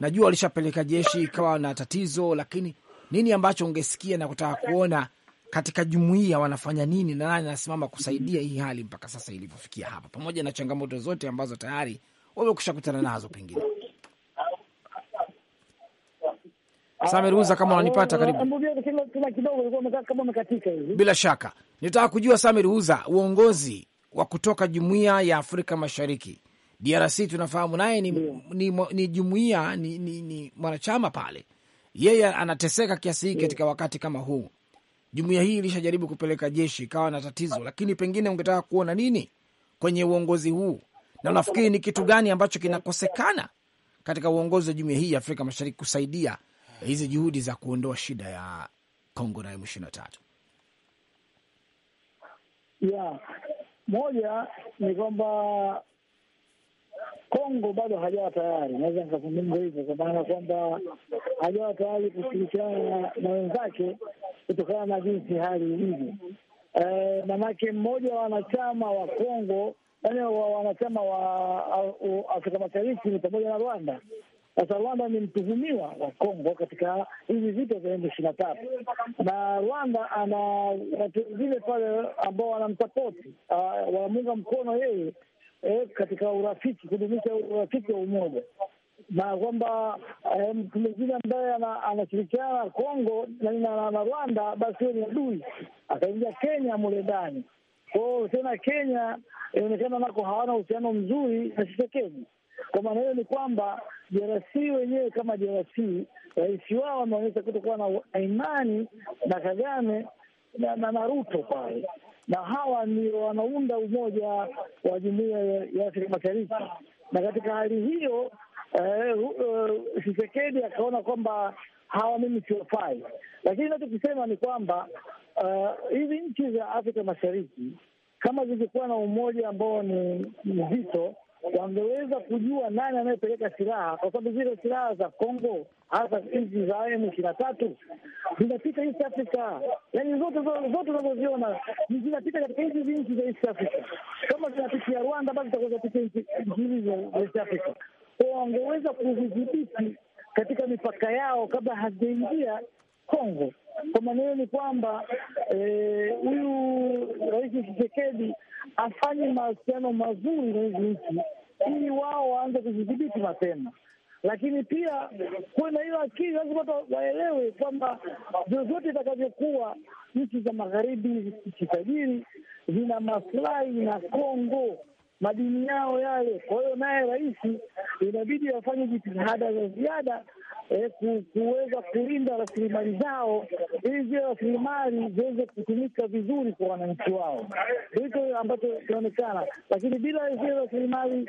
najua walishapeleka jeshi ikawa na tatizo, lakini nini ambacho ungesikia na kutaka kuona katika jumuiya wanafanya nini na nani anasimama kusaidia hii hali mpaka sasa ilivyofikia hapa, pamoja na changamoto zote ambazo tayari wamekusha kutana nazo. Pengine Sameruza, kama unanipata ah, karibu, bila shaka nitaka kujua Sameruza, uongozi wa kutoka jumuiya ya Afrika Mashariki DRC tunafahamu naye ni, ni, ni, ni jumuiya ni, ni, ni mwanachama pale, yeye anateseka kiasi hiki katika wakati kama huu jumuiya hii ilishajaribu kupeleka jeshi ikawa na tatizo, lakini pengine ungetaka kuona nini kwenye uongozi huu, na unafikiri ni kitu gani ambacho kinakosekana katika uongozi wa jumuiya hii ya Afrika Mashariki kusaidia hizi juhudi za kuondoa shida ya Kongo na M23? Yeah, moja ni kwamba Kongo bado hajawa tayari, naweza nikazungumza hivyo, kwa maana kwamba hajawa tayari kushirikiana na wenzake kutokana na jinsi hali ilivyo. E, manake mmoja wa wanachama wa Kongo, yani wa wanachama wa Afrika Mashariki ni pamoja na Rwanda. Sasa Rwanda ni mtuhumiwa wa Kongo katika hivi vita vya emu ishirini na tatu na Rwanda ana watu wengine pale ambao wanamsapoti, wanamuunga mkono yeye eh, katika urafiki, kudumisha urafiki wa umoja na kwamba eh, mtu mwingine ambaye anashirikiana na Kongo na Rwanda basi ni adui, akaingia Kenya mule ndani kwao. Tena Kenya inaonekana nako hawana uhusiano mzuri na Tshisekedi. Kwa maana hiyo ni kwamba DRC wenyewe kama DRC, rais wao wameonyesha kutokuwa na imani na Kagame na Ruto pale na hawa ndio wanaunda umoja wa jumuiya ya Afrika Mashariki. Na katika hali hiyo eh, eh, Tshisekedi uh, uh, akaona kwamba hawa mimi siwafai, lakini inachokisema ni kwamba eh, hizi uh, nchi za Afrika Mashariki kama zingekuwa na umoja ambao ni mzito wangeweza kujua nani anayepeleka silaha, kwa sababu zile silaha za Kongo hasa nchi za M ishirini na tatu zinapita East Africa, yani zote zote unazoziona zinapita katika hizi nchi za East Africa. Kama zinapitia Rwanda, basi zitakuwa zinapita nchi hizi za East Africa. Kwa wangeweza kuzidhibiti katika mipaka yao kabla hazijaingia Kongo. Kwa maneno ni kwamba eh, huyu Felix Tshisekedi afanye mahusiano mazuri na hizi nchi ili wao waanze kuzidhibiti mapema lakini pia kuwe na hiyo akili, lazima watu waelewe kwamba vyovyote itakavyokuwa, nchi za magharibi hizi tajiri zina maslahi na Kongo madini yao yale. Kwa hiyo naye rais inabidi afanye jitihada za ziada eh, kuweza kulinda rasilimali zao ili zile rasilimali ziweze kutumika vizuri kwa wananchi wao, ndicho ambacho kinaonekana, lakini bila zile rasilimali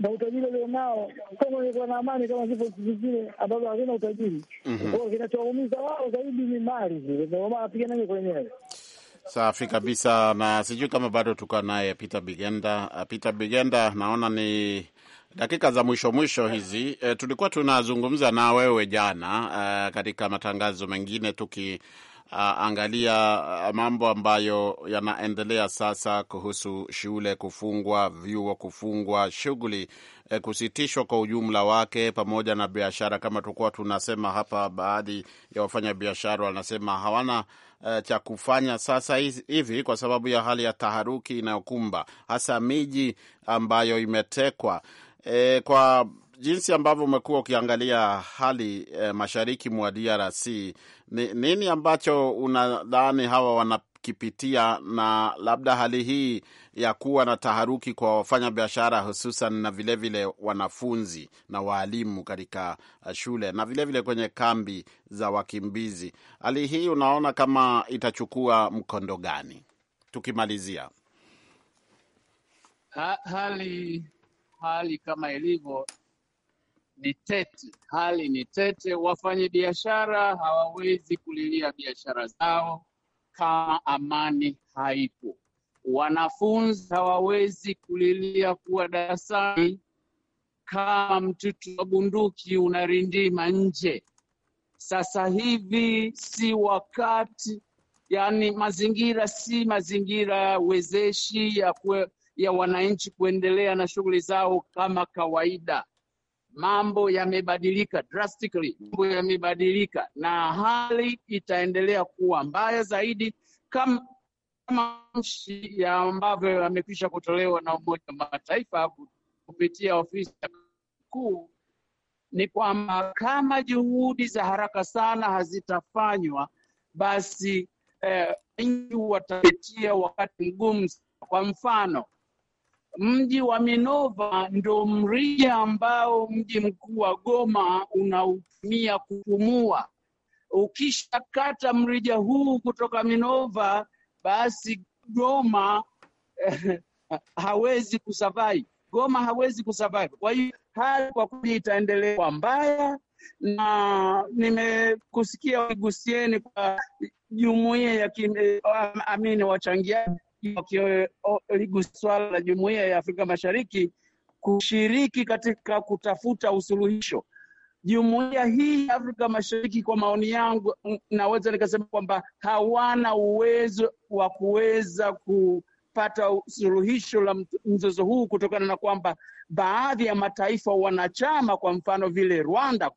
na utajiri walionao kama na amani kama zipo nchi zingine ambazo hazina utajiri. Mhm. Kwa hiyo kinachoumiza wao zaidi ni mali zile, ndio maana Safi kabisa, na sijui kama bado tuko naye Peter Bigenda. Ah, Peter Bigenda, naona ni dakika za mwisho mwisho hizi. E, tulikuwa tunazungumza na wewe jana, e, katika matangazo mengine tuki Ah, angalia ah, mambo ambayo yanaendelea sasa kuhusu shule kufungwa, vyuo kufungwa, shughuli eh, kusitishwa kwa ujumla wake, pamoja na biashara. Kama tulikuwa tunasema hapa, baadhi ya wafanya biashara wanasema hawana uh, cha kufanya sasa hivi kwa sababu ya hali ya taharuki inayokumba hasa miji ambayo imetekwa. E, kwa jinsi ambavyo umekuwa ukiangalia hali e, mashariki mwa DRC ni, nini ambacho unadhani hawa wanakipitia na labda hali hii ya kuwa na taharuki kwa wafanyabiashara hususan na vilevile vile wanafunzi na waalimu katika eh, shule na vilevile vile kwenye kambi za wakimbizi, hali hii unaona kama itachukua mkondo gani? Tukimalizia ha, hali hali kama ilivyo ni tete, hali ni tete. biashara hawawezi kulilia biashara zao kama amani haipo. Wanafunzi hawawezi kulilia kuwa darasani kama mtutu wa bunduki unarindima nje. Sasa hivi si wakati, yani mazingira si mazingira wezeshi ya, ya wananchi kuendelea na shughuli zao kama kawaida mambo yamebadilika drastically, mm. mambo yamebadilika na hali itaendelea kuwa mbaya zaidi kama matamshi ya ambavyo yamekwisha kutolewa na Umoja wa Mataifa kupitia ofisi ya kuu ni kwamba kama juhudi za haraka sana hazitafanywa basi wananchi eh, watapitia wakati mgumu. Kwa mfano Mji wa Minova ndio mrija ambao mji mkuu wa Goma unautumia kupumua. Ukishakata mrija huu kutoka Minova, basi Goma [LAUGHS] hawezi kusurvive. Goma hawezi kusurvive. Kwa hiyo hali kwa kweli itaendelea kwa mbaya, na nimekusikia kusikia kwa jumuiya ya eh, amini wachangiaji swala la jumuiya ya Afrika Mashariki kushiriki katika kutafuta usuluhisho. Jumuiya hii ya Afrika Mashariki, kwa maoni yangu, naweza nikasema kwamba hawana uwezo wa kuweza kupata suluhisho la mzozo huu kutokana na kwamba baadhi ya mataifa wanachama, kwa mfano vile Rwanda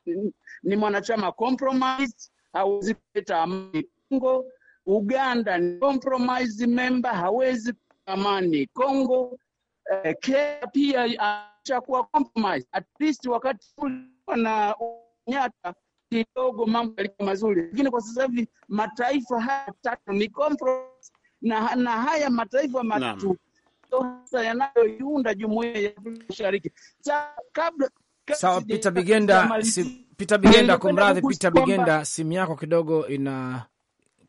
ni mwanachama compromise, hawezi kuleta amani Kongo Uganda ni compromise member, hawezi amani. Kongo eh, Kenya pia ashakuwa compromise. At least wakati na Kenyatta kidogo mambo yalikuwa mazuri, lakini kwa sasa hivi mataifa haya tatu ni compromise na, na haya mataifa matatu sasa yanayoiunda jumuiya ya Afrika Mashariki kabla Sawa, Peter Bigenda, si, Peter Bigenda, kumradhi Peter Bigenda, simu yako kidogo ina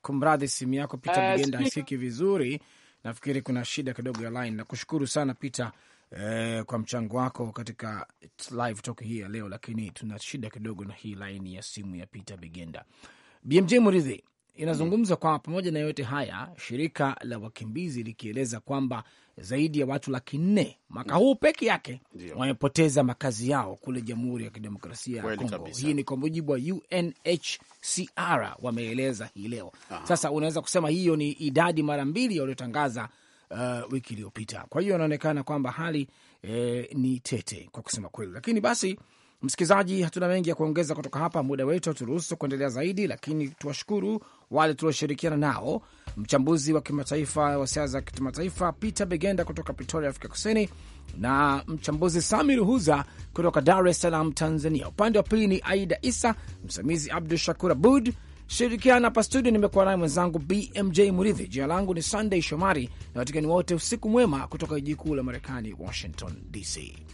Kumradhi, simu yako Peter Bigenda eh, hasikiki vizuri. Nafikiri kuna shida kidogo ya line. Nakushukuru sana Peter eh, kwa mchango wako katika live talk hii ya leo, lakini tuna shida kidogo na hii line ya simu ya Peter Bigenda. BMJ Muridhi, Inazungumzwa kwamba pamoja na yote haya, shirika la wakimbizi likieleza kwamba zaidi ya watu laki nne mwaka huu peke yake wamepoteza makazi yao kule Jamhuri ya Kidemokrasia ya Kongo. Hii ni kwa mujibu wa UNHCR wameeleza hii leo. Aha. Sasa unaweza kusema hiyo ni idadi mara mbili waliotangaza uh, wiki iliyopita. Kwa hiyo inaonekana kwamba hali eh, ni tete kwa kusema kweli, lakini basi Msikilizaji, hatuna mengi ya kuongeza kutoka hapa, muda wetu haturuhusu kuendelea zaidi, lakini tuwashukuru wale tulioshirikiana nao, mchambuzi wa kimataifa wa siasa za kimataifa Peter Begenda kutoka Pretoria, Afrika Kusini, na mchambuzi Sami Ruhuza kutoka Dar es Salaam, Tanzania. Upande wa pili ni Aida Isa, msimamizi Abdu Shakur Abud. Shirikiana hapa studio, nimekuwa naye mwenzangu BMJ Muridhi. Jina langu ni Sunday Shomari na watikani wote, usiku mwema kutoka jiji kuu la Marekani, Washington DC.